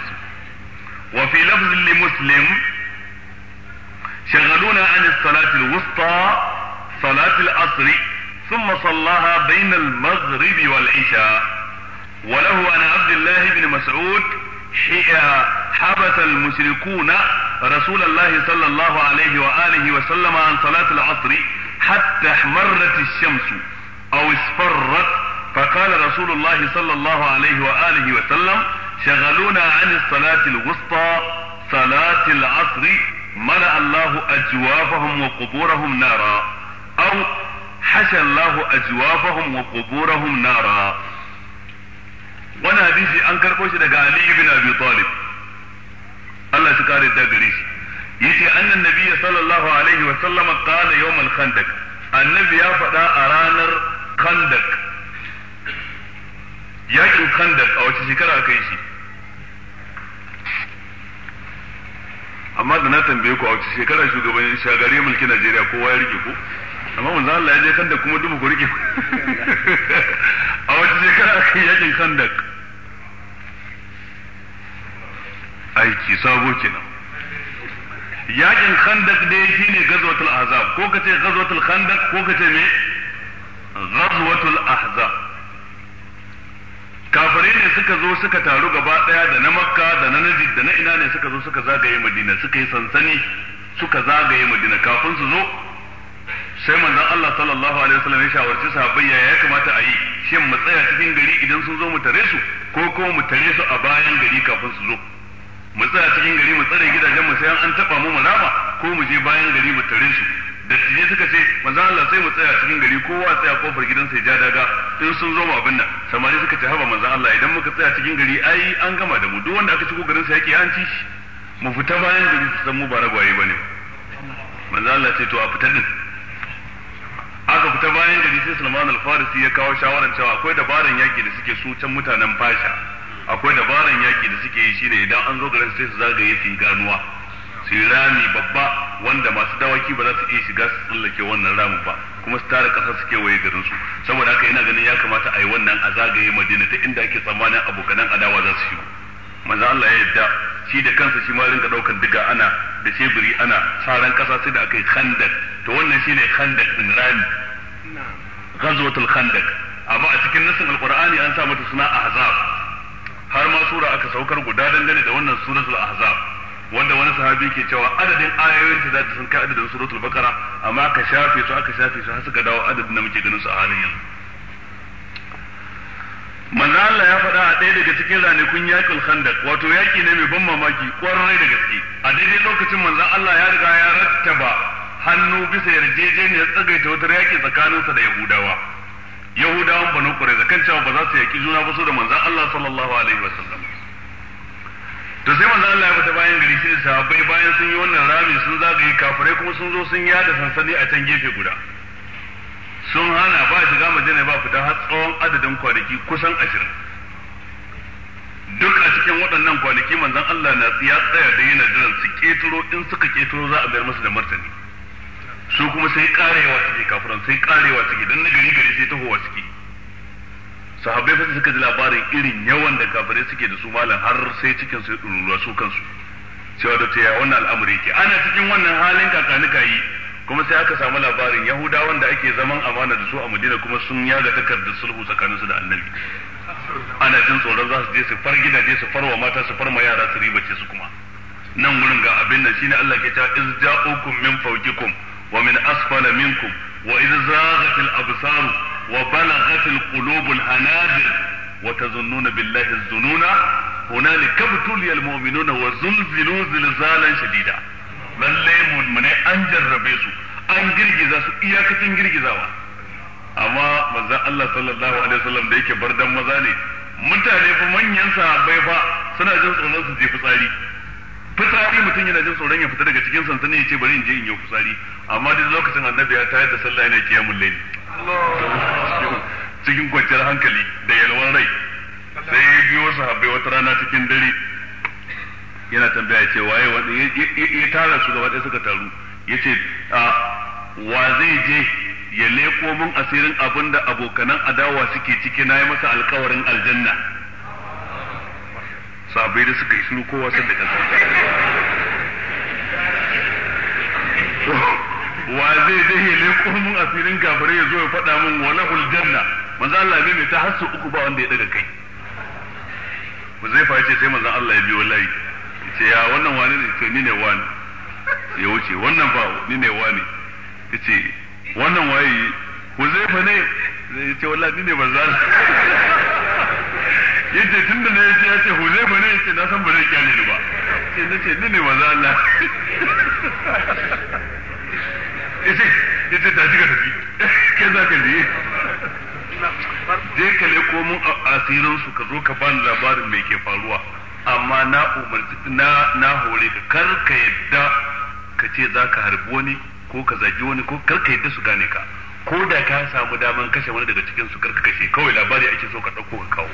وفي لفظ لمسلم شغلونا عن الصلاة الوسطى صلاة العصر ثم صلاها بين المغرب والعشاء وله عن عبد الله بن مسعود حبس المشركون رسول الله صلى الله عليه وآله وسلم عن صلاة العصر حتى احمرت الشمس أو اصفرت فقال رسول الله صلى الله عليه وآله وسلم شغلونا عن الصلاة الوسطى صلاة العصر ملأ الله أجوافهم وقبورهم نارا أو حشى الله أجوافهم وقبورهم نارا wani hadisi an karɓo shi daga Ali ibn Abi Talib Allah shi kare da gare shi yace annan nabiyyi sallallahu alaihi wa sallama qala yawm al-khandaq annabi ya faɗa a ranar khandaq yakin khandaq a wace shekara aka yi shi amma da na tambaye ku a wace shekara shugaban shagari mulki Najeriya kowa ya rike ku amma manzo Allah ya je kandar kuma dubu ku rike [laughs] a wace shekara aka yi yakin kandar aiki sabo kenan yakin khandak dai shine ghazwatul ahzab ko kace ghazwatul khandak ko kace me ghazwatul ahzab kafare ne suka zo suka taru gaba daya da na makka da na najid da na ina ne suka zo suka zagaye madina suka yi sansani suka zagaye madina kafin su zo sai manzon Allah sallallahu alaihi wasallam ya shawarci sahabbai ya kamata a yi shin mu tsaya cikin gari idan sun zo mu tare su ko kuma mu tare su a bayan gari kafin su zo mu tsaya cikin gari mu tsare gidajen mu sai an taba mu mu ko mu je bayan gari mu tare su da tije suka ce manzo Allah sai mu tsaya cikin gari kowa tsaya kofar gidansa ya ja daga in sun zo mu abin nan samari suka ce haba manzo Allah idan muka tsaya cikin gari ai an gama da mu duk wanda aka shigo garin sa yake an ci shi mu fita bayan gari su san mu ba ragwaye bane manzo Allah sai to a fita din aka fita bayan gari sai Salman al-Farisi ya kawo shawaran cewa akwai dabaran yaki da suke su can mutanen Fasha akwai dabaran yaki da suke yi shine idan an zo garin sai su zagaye ganuwa su rami babba wanda masu dawaki ba za su iya shiga su tsallake wannan ramin ba kuma su tara kasa suke waye garin su saboda haka yana ganin ya kamata a yi wannan a zagaye madina ta inda ake tsammanin abokanan adawa za su shigo manzo Allah ya yadda shi da kansa shi ma rinka daukan diga ana da shebiri ana saran kasa sai da aka yi khandak to wannan shine khandak din rami ghazwatul khandak amma a cikin nasin alqur'ani an sa mata suna ahzab har ma sura aka saukar guda dangane da wannan suratul ahzab wanda wani sahabi ke cewa adadin ayoyin ta zata sun kai adadin suratul bakara amma aka shafe su aka shafe su har suka dawo adadin da muke ganin su a halin yanzu manzo Allah ya faɗa a ɗaya daga cikin ranakun yaƙin khandaq wato yaƙi ne mai ban mamaki ƙwarai da gaske a daidai lokacin manzo Allah ya riga ya rattaba hannu bisa yarjejeniyar tsagaita wutar yaƙi tsakaninsa da Yahudawa yahudawan banu da kan cewa ba za su yaki juna ba su da manzan Allah sallallahu alaihi sallam to sai manzan Allah ya fita bayan gari shi da sahabbai bayan sun yi wannan rami sun zagaye kafirai kuma sun zo sun yada sansani a can gefe guda sun hana ba shiga madina ba fita har tsawon adadin kwanaki kusan ashirin duk a cikin waɗannan kwanaki manzan Allah na ya tsaya da yana jiran su keturo in suka keturo za a bayar musu da martani su kuma sai karewa suke kafiran sai karewa suke dan gari gari sai tahowa suke sahabbai fasa suka ji labarin irin yawan da kafirai suke da su malam har sai cikin su dururuwa su kansu cewa da ta wannan al'amari yake ana cikin wannan halin kakanuka yi kuma sai aka samu labarin yahudawa da ake zaman amana da su a madina kuma sun yaga takardar sulhu tsakanin su da annabi ana jin tsoron za su je su far gidaje su far wa mata su far ma yara su ribace su kuma nan gurin ga abin nan shine Allah ke cewa iz ja'ukum min fawqikum wa min asfala minkum wa idh zaghat wa balaghat al qulub al hanadir wa tazunnuna billahi az-zununa hunalika ibtuliya al mu'minuna wa zulzilu zilzalan shadida lalle an jarrabe su an girgiza su iyakacin girgizawa amma manzon Allah sallallahu alaihi wasallam da yake bar dan maza ne mutane fa manyan sahabbai fa suna jin tsoron su je fitsari fitsari mutum yana jin tsoron ya fita daga cikin sansanin ya ce bari in je in yi fitsari amma duk lokacin annabi ya tayar da sallah yana kiyamu laili cikin kwanciyar hankali da yalwar rai sai ya biyo sahabbai wata rana cikin dare yana tambaya ce waye wanda ya tara su gaba ɗaya suka taru ya ce wa zai je ya leko mun asirin abin da abokanan adawa suke ciki na yi masa alkawarin aljanna sabai da suka yi shiru kowa sun da kasa wa zai zai ne mun asirin gafare ya zo ya faɗa min wa lahul janna manzo Allah ne ta hasu uku ba wanda ya daga kai ba zai ce sai manzo Allah ya biyo layi ce ya wannan wani ne ce ni ne wani ya wuce wannan ba ni ne wani ce wannan waye ku zai fa ne ya ce wallahi ni ne manzo Allah yace da na yace yace Huzaifa ne yace na san ba zai kyale ni ba ce nace ni ne manzo Allah [laughs] yace yace da diga tafi [laughs] ke za ka je je ka le ko mun asirin su ka zo ka bani labarin me ke faruwa amma na umarci na na hore ka kar ka yadda ka ce za ka harbi wani ko ka zagi wani ko kar ka yadda su gane ka ko da ka samu daman kashe wani daga cikin su kar ka kashe kawai labari ake so ka ɗauko ka kawo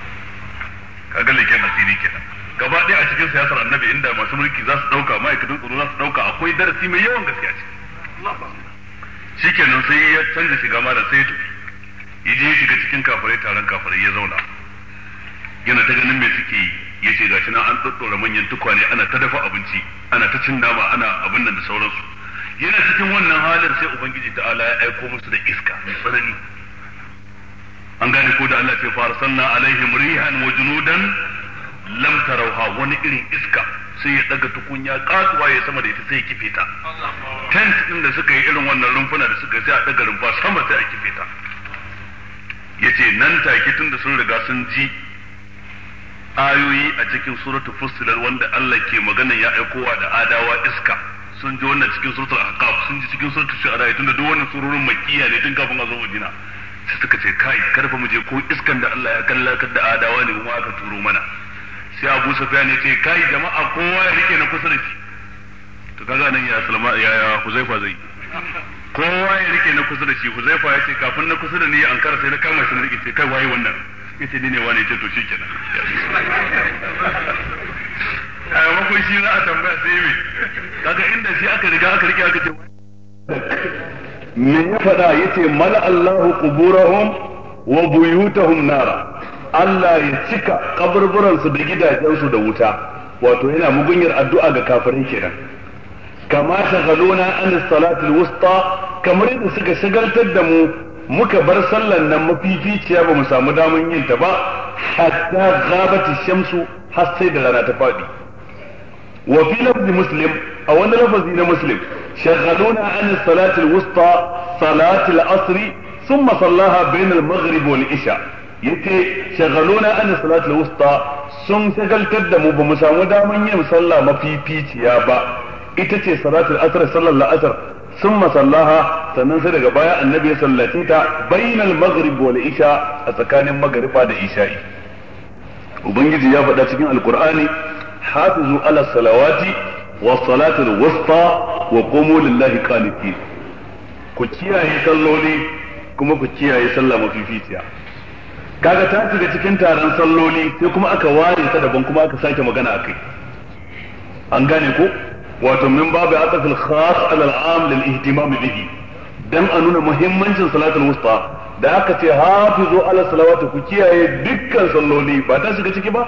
kaga leken asiri kenan gaba ɗaya a cikin siyasar annabi inda masu mulki za su ɗauka ma'aikatan tsaro za su ɗauka akwai darasi mai yawan gaske a ciki nan sai ya canza shiga da sai ya ya je ya shiga cikin kafirai taron kafirai ya zauna yana ta ganin me suke yi ya ce gashi nan an tsotsora manyan tukwane ana ta dafa abinci ana ta cin nama ana abin nan da sauransu yana cikin wannan halin sai ubangiji ta'ala ya aiko musu da iska mai tsanani an gane ko da Allah ce fara sannan alaihi rihan wa junudan lam tarauha wani irin iska sai ya daga tukunya katuwa ya sama da ita sai ya kife ta tent din da suka yi irin wannan rumfuna da suka sai a daga rumfa sama sai a kife ta yace nan take tun da sun riga sun ji ayoyi a cikin suratul fussilar wanda Allah ke magana ya aikowa da adawa iska sun ji wannan cikin suratul ahqaf sun ji cikin suratul shu'ara da duk wannan sururun makkiya ne tun kafin a zo Madina Sai suka ce kai karfa mu je ko iskan da Allah ya kallakar da adawa ne kuma aka turo mana sai Abu Sufyan ya ce kai jama'a kowa ya rike na kusa da shi to kaga nan ya Salma ya ya Huzaifa zai kowa ya rike na kusa da shi Huzaifa ya ce kafin na kusa da ni an kara sai na kama shi na rike ce kai waye wannan yace ni ne wani ce to shikenan [laughs] a makon shi za a tambaya sai me kaga inda shi aka riga aka rike aka ce me ya faɗa ya ce, mala Allahu kuburahum wa buyutahum nara Allah ya cika kaburburansu da gidajensu da wuta wato yana mugunyar addu'a ga kafirai kenan kama shagaluna an salatul wusta kamar yadda suka shagaltar da mu muka bar sallan nan mafificiya ba mu samu daman yin ta ba hatta ghabati shamsu har sai da rana ta faɗi wa fi lafzi muslim a wani lafazi na muslim شغلونا عن الصلاة الوسطى صلاة العصر ثم صلاها بين المغرب والعشاء yace shagaluna an salatul wusta sun shagaltar da mu ba mu samu daman yin sallah mafificiya ba ita ce salatul asr sallar la'asar sun masallaha sannan sai daga baya annabi ya sallace ta bainal maghrib wal isha a tsakanin magriba da isha'i ubangiji ya faɗa cikin alqur'ani hafizu ala salawati was-salatu wusta wa qumu lillahi qanitin ku kiyaye salloli kuma ku kiyaye sallah kaga ta shiga cikin taron salloli sai kuma aka ware ta daban kuma aka sake magana akai an gane ko wato min babu aqsal khas ala al-am lil ihtimam bihi dan a nuna muhimmancin salatul wusta da aka ce hafizu ala salawati ku kiyaye dukkan salloli ba ta shiga ciki ba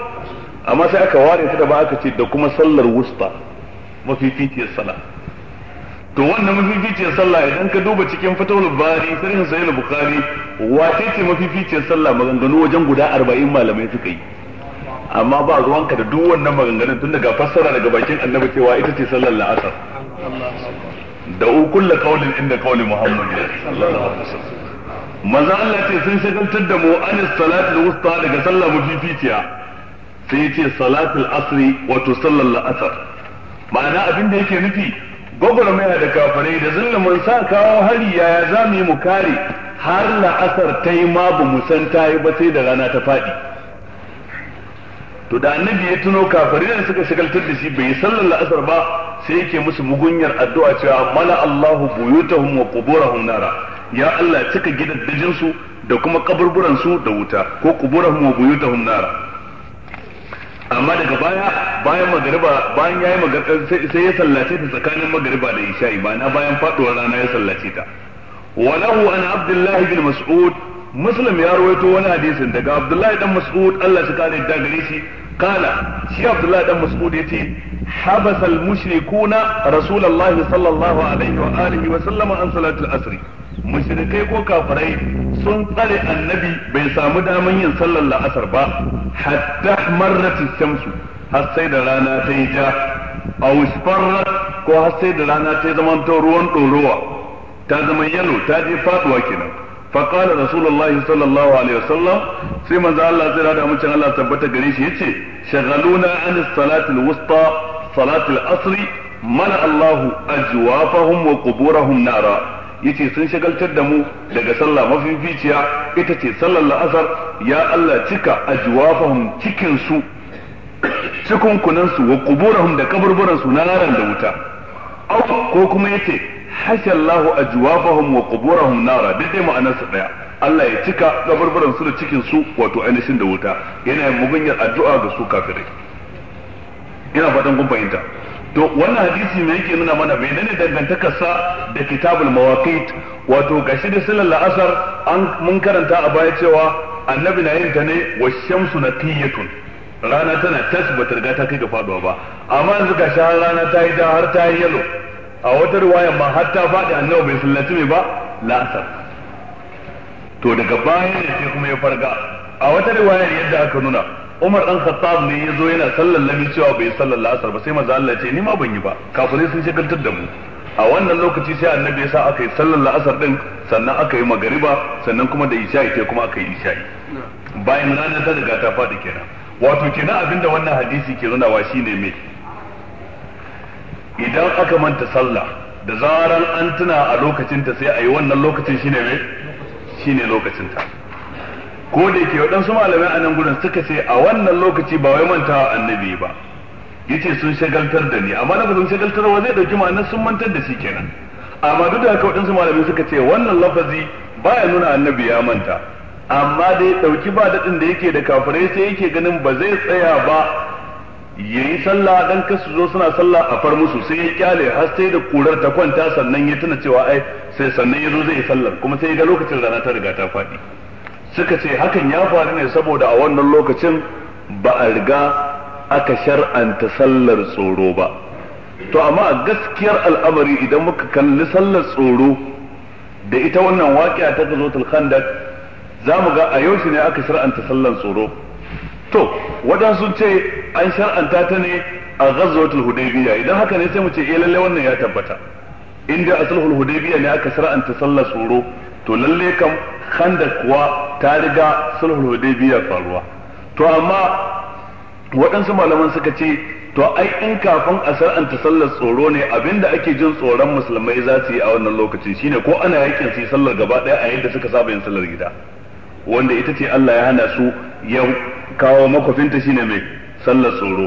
amma sai aka ware ta da ba aka ce da kuma sallar wusta mafificiyar sallah to wannan mafificiyar sallah idan ka duba cikin fatawul bari sirrin sahih bukhari wace ce mafificiyar sallah maganganu wajen guda 40 malamai suka yi amma ba ruwanka da duk wannan maganganun tun daga fassara daga bakin annabi cewa ita ce sallar la'asar da ukulla kaulin inda kaulin muhammad sallallahu alaihi wasallam manzo Allah ce sun shagaltar da mu anis salatul wusta daga sallah mafificiya sai ya ce salatul asri wato sallar la'asar ma'ana abin da yake nufi mai da kafirai da zulumin sa kawo hari yaya za mu yi mu kare har la'asar ta yi ma ba mu san ta yi ba sai da rana ta faɗi to da annabi ya tuno kafirai da suka shagaltar da shi bai yi sallar la'asar ba sai yake musu mugunyar addu'a cewa mala Allahu buyutahum wa quburahum nara ya Allah cika gidaddajin su da kuma kaburburan su da wuta ko quburahum wa buyutahum nara amma daga baya bayan magariba bayan yayi magariba sai ya sallace ta tsakanin magariba da isha'i ba na bayan faduwar rana ya sallace ta walahu an abdullahi bin mas'ud muslim ya rawaito wani hadisin daga abdullah dan mas'ud Allah shi kare da gare shi qala shi abdullahi dan mas'ud ya ce Habasal mushrikuna rasulullahi sallallahu an salatul asr mushrikai ko kafarai sun tsare annabi bai samu daman yin sallar la'asar ba hatta marrat shamsu har sai da rana ta yi ta aw ko har sai da rana ta zama ruwan ɗorowa ta zama yalo ta je faduwa kenan faqala rasulullahi sallallahu alaihi wasallam sai manzo Allah zai rada amincin Allah tabbata gare shi yace shagaluna an salatil wusta salatil asri mana Allahu ajwafahum wa quburahum nara yace sun shagaltar da mu daga sallah mafificiya ita ce sallar la'asar ya Allah cika ajwafahum cikin su cikin kunan wa quburahum da kaburburan su naran da wuta ko kuma yace hashallahu ajwabahum wa quburahum nara duk dai ma'anar daya Allah ya cika kabarbaran su da cikin su wato ainihin da wuta yana yin mugunyar addu'a ga su kafirai ina fatan kun fahimta to wannan hadisi me yake nuna mana ne dangantakar sa da kitabul mawaqit wato gashi da sallar la'asar an mun karanta a baya cewa annabi na yin ta ne wa shamsu naqiyatun rana tana tas bata riga ta kai ga faduwa ba amma yanzu gashi rana ta yi da har ta yi yalo a wata ruwaya ma hatta faɗi annabi bai sallaci mai ba la'asar to daga baya ne sai kuma ya farga a wata riwayar yadda aka nuna Umar dan Khattab ne ya zo yana sallar lamin cewa bai sallar la'asar ba sai manzo Allah ya ce ni ma ban yi ba kafirai sun shagaltar da mu a wannan lokaci sai annabi ya sa aka yi sallar la'asar din sannan aka yi magariba sannan kuma da isha'i sai kuma aka yi isha'i bayan rana ta daga ta faɗi kenan wato kenan abinda wannan hadisi ke nuna wa shine mai idan aka manta sallah da zaran an tuna a lokacinta sai a yi wannan lokacin shine ne shine lokacinta ko da yake waɗansu malamai a nan gudun suka ce a wannan lokaci ba wai mantawa annabi ba yace sun shagaltar da ni amma na shagaltar wa zai ɗauki ma'anar sun mantar da shi kenan amma duk da haka waɗansu malamai suka ce wannan lafazi baya nuna annabi ya manta amma dai ɗauki ba daɗin da yake da kafirai sai yake ganin ba zai tsaya ba yayi sallah dan kasu zo suna sallah a far musu sai ya kyale har sai da kurar ta kwanta sannan ya tuna cewa ai sai sannan ya zo zai yi sallar kuma sai ga lokacin rana ta riga ta faɗi suka ce hakan ya faru ne saboda a wannan lokacin ba a riga aka shar'anta sallar tsoro ba to amma a gaskiyar al'amari idan muka kalli sallar tsoro da ita wannan waƙiya ta zo tulkhandak za mu ga a yau ne aka shar'anta sallar tsoro to wadan sun ce an shar'anta ta ne a ghazwatul hudaybiya idan haka ne sai mu ce eh lalle wannan ya tabbata inda a sulhul hudaybiya ne aka shar'anta sallar tsoro to lalle kam handa kuwa ta riga sulhul hudaybiya faruwa to amma waɗansu malaman suka ce to ai in kafin a shar'anta sallar tsoro ne abinda ake jin tsoron musulmai za su yi a wannan lokaci shine ko ana yakin su yi sallar gaba ɗaya a yadda suka saba yin sallar gida wanda ita ce Allah ya hana su ya kawo makwafinta shine mai sallar tsoro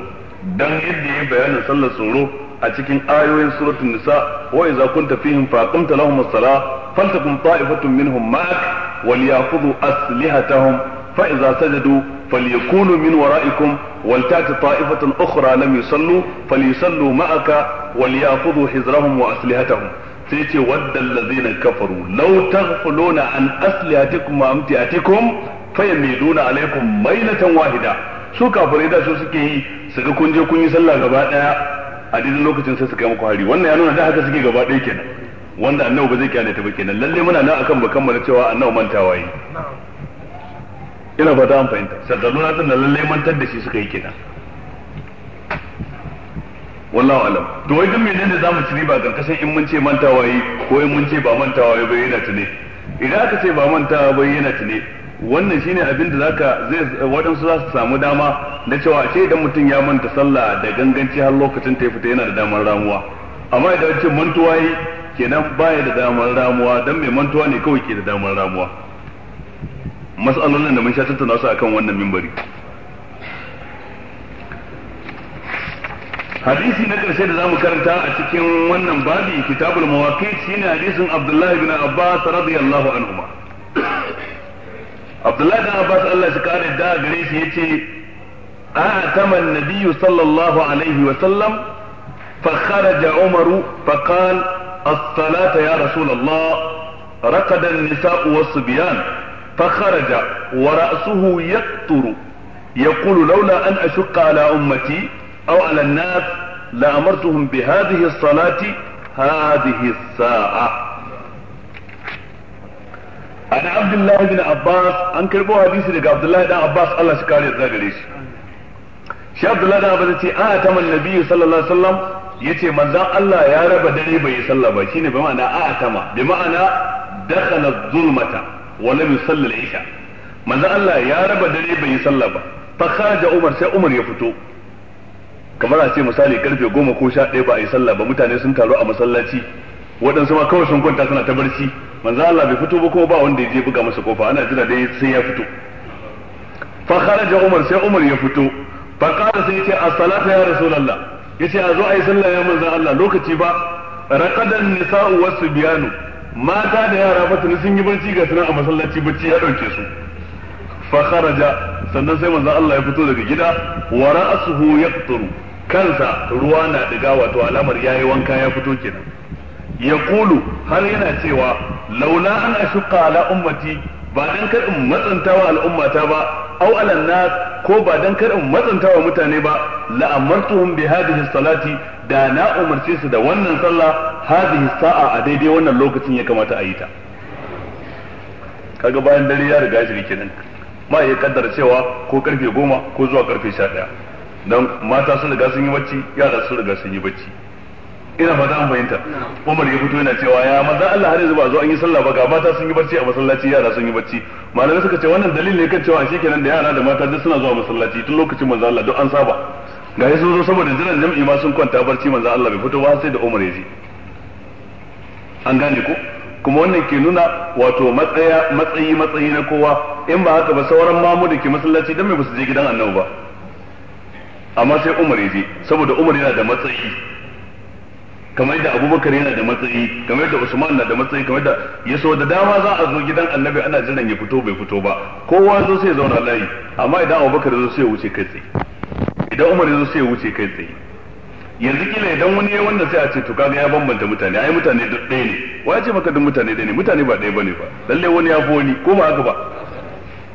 dan yadda yayi bayanin sallar tsoro a cikin ayoyin suratul nisa wa idza kunta fihim faqimta lahum as-salah faltakum ta'ifatun minhum ma'ak walyakhudhu aslihatahum fa idza sajadu فليكونوا من ورائكم ولتأت طائفة أخرى لم يصلوا فليصلوا معك وليأخذوا حذرهم وأسلحتهم سيتي ود الذين كفروا لو تغفلون عن أسلحتكم وأمتعتكم fayamiluna alaikum mailatan wahida su kafirai da su suke yi su ga kun je kun yi sallah gaba daya a daidai lokacin sai su kai muku hari wannan ya nuna da haka suke gaba daya kenan wanda annabi ba zai kiyaye ta ba kenan lalle muna nan akan ba kammala cewa annabi mantawa yi ina fata an fahimta sadalu na tunda lalle mantar da shi suka yi kenan wallahu alam to wai duk menene zamu ci riba kasan in mun ce mantawa yi ko in mun ce ba mantawa yi ba yana tune idan aka ce ba mantawa ba yana tune wannan shine abin da zaka zai waɗansu za su samu dama na cewa ce idan mutum ya manta sallah da ganganci har lokacin ta ya fita yana da damar ramuwa amma idan ce mantuwa yi kenan baya da damar ramuwa dan mai mantuwa ne kawai ke da damar ramuwa mas'alolin da mun sha tattauna su akan wannan mimbari hadisi na ƙarshe da zamu karanta a cikin wannan babi kitabul mawaqit shine hadisin Abdullah ibn Abbas radiyallahu anhu Abdullahi dan Abbas Allah shi kare da gare shi yace a taman nabiyyu sallallahu alaihi wa sallam fa kharaja umaru fa qala as-salata ya rasulullah ركض النساء والصبيان فخرج ورأسه يقطر يقول لولا أن أشق على أمتي أو على الناس لأمرتهم بهذه الصلاة هذه الساعة ana abdullahi bin abbas an karbo hadisi daga abdullahi dan abbas Allah shi kare da gare shi shi abdullahi dan abbas ce a ta man nabiyyu sallallahu alaihi wasallam yace Allah ya raba dare bai yi sallah ba shine bi ma'ana a atama bi ma'ana dakhala zulmata wa lam yusalli al-isha manzon Allah ya raba dare bai yi sallah ba umar sai umar ya fito kamar a ce misali karfe goma ko sha ɗaya ba a yi sallah ba mutane sun taru a masallaci waɗansu ma kawai sun kwanta suna ta barci manzo Allah bai fito ba kuma ba wanda ya je buga masa kofa ana jira dai sai ya fito fa kharaja Umar sai Umar ya fito fa qala sai yace as-salatu ya rasulullah yace a zo ayi sallah ya manzo Allah lokaci ba raqadan nisa'u was mata da yara fa sun yi barci ga sunan a masallaci barci ya dauke su fa kharaja sannan sai manzo Allah ya fito daga gida wa ra'suhu yaqturu kansa ruwa na diga wato alamar yayi wanka ya fito kenan yaqulu har yana cewa laula an ashqa ala ummati ba dan kar in matsantawa al'ummata ba aw ala nas ko ba dan kar in matsantawa mutane ba la amartuhum bi hadhihi salati da na umarce su da wannan sallah hadhihi sa'a a daidai wannan lokacin ya kamata a yi ta kaga bayan dare ya riga shi kenan ma ya kaddara cewa ko karfe goma ko zuwa karfe 11 ɗaya don mata sun riga sun yi bacci yara sun riga sun yi bacci ina ba za fahimta Umar ya fito yana cewa ya maza Allah har yanzu ba zo an yi sallah ba ga mata sun yi barci a masallaci yara sun yi barci malamai suka ce wannan dalil ne kan cewa shikenan da yara da mata duk suna zuwa masallaci tun lokacin manzo Allah duk an saba ga yasu zo saboda jiran jam'i ma sun kwanta barci manzo Allah bai fito ba sai da Umar ya ji an gane ko kuma wannan ke nuna wato matsaya matsayi matsayi na kowa in ba haka ba sauran mamu da ke masallaci dan me ba su je gidan annabi ba amma sai Umar ya je saboda Umar yana da matsayi kamar yadda abubakar yana da matsayi kamar yadda usman na da matsayi kamar yadda ya da dama za a zo gidan annabi ana jiran ya fito bai fito ba kowa zo sai zauna layi amma idan abubakar zo sai wuce kai tsaye idan umar zo sai wuce kai tsaye yanzu kila idan wani ya wanda sai a ce to kaga ya bambanta mutane ai mutane duk ɗaya ne wai ce maka duk mutane ɗaya ne mutane ba ɗaya bane ba lalle wani ya fi wani ko ba haka ba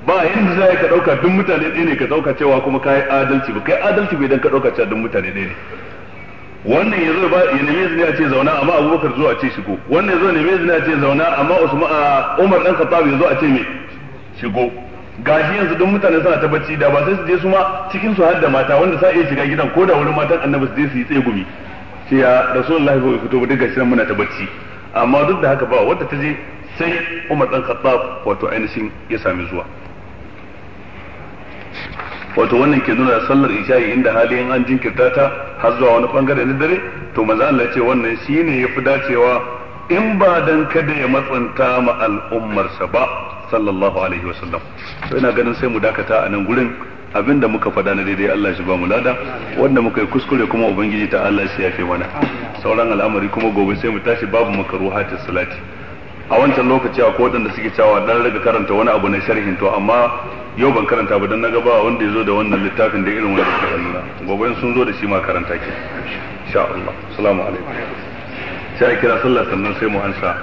ba yanzu za ka ɗauka duk mutane ɗaya ne ka ɗauka cewa kuma ka yi adalci ba kai adalci bai dan ka ɗauka cewa duk mutane ɗaya ne wannan yazo ba ya neme zina a ce zauna amma Abubakar zuwa ce shigo wannan ya zo neme a ce zauna amma Usman Umar dan Khattab zo a ce me shigo gashi yanzu duk mutane suna ta bacci da ba sai su je su ma cikin su har da mata wanda sa iya shiga gidan ko da wurin matan Annabi su je su yi tsaye gumi sai ya Rasulullahi bai fito ba duk gashi nan muna ta bacci amma duk da haka ba wanda ta je sai Umar dan Khattab wato ainihin ya sami zuwa wato wannan ke nuna sallar isha'i inda halin an jinkirta ta har zuwa wani bangare na dare to maza Allah ce wannan shine yafi dacewa in ba dan kada ya matsanta ma al'ummarsa ba sallallahu alaihi wasallam to ina ganin sai mu dakata a nan gurin abinda muka fada na daidai Allah shi ba mu lada wanda muka yi kuskure kuma ubangiji ta Allah shi ya fi mana sauran al'amari kuma gobe sai mu tashi babu makaruhatis salati a wancan lokaci a akwai waɗanda suke cewa dan rage karanta wani abu na sharhin to amma yau ban karanta ba dan na ba wanda ya zo da wannan littafin da irin wannan littafin gobe sun zo da shi ma karanta ke insha Allah assalamu alaikum sai kira sallah sannan sai mu ansa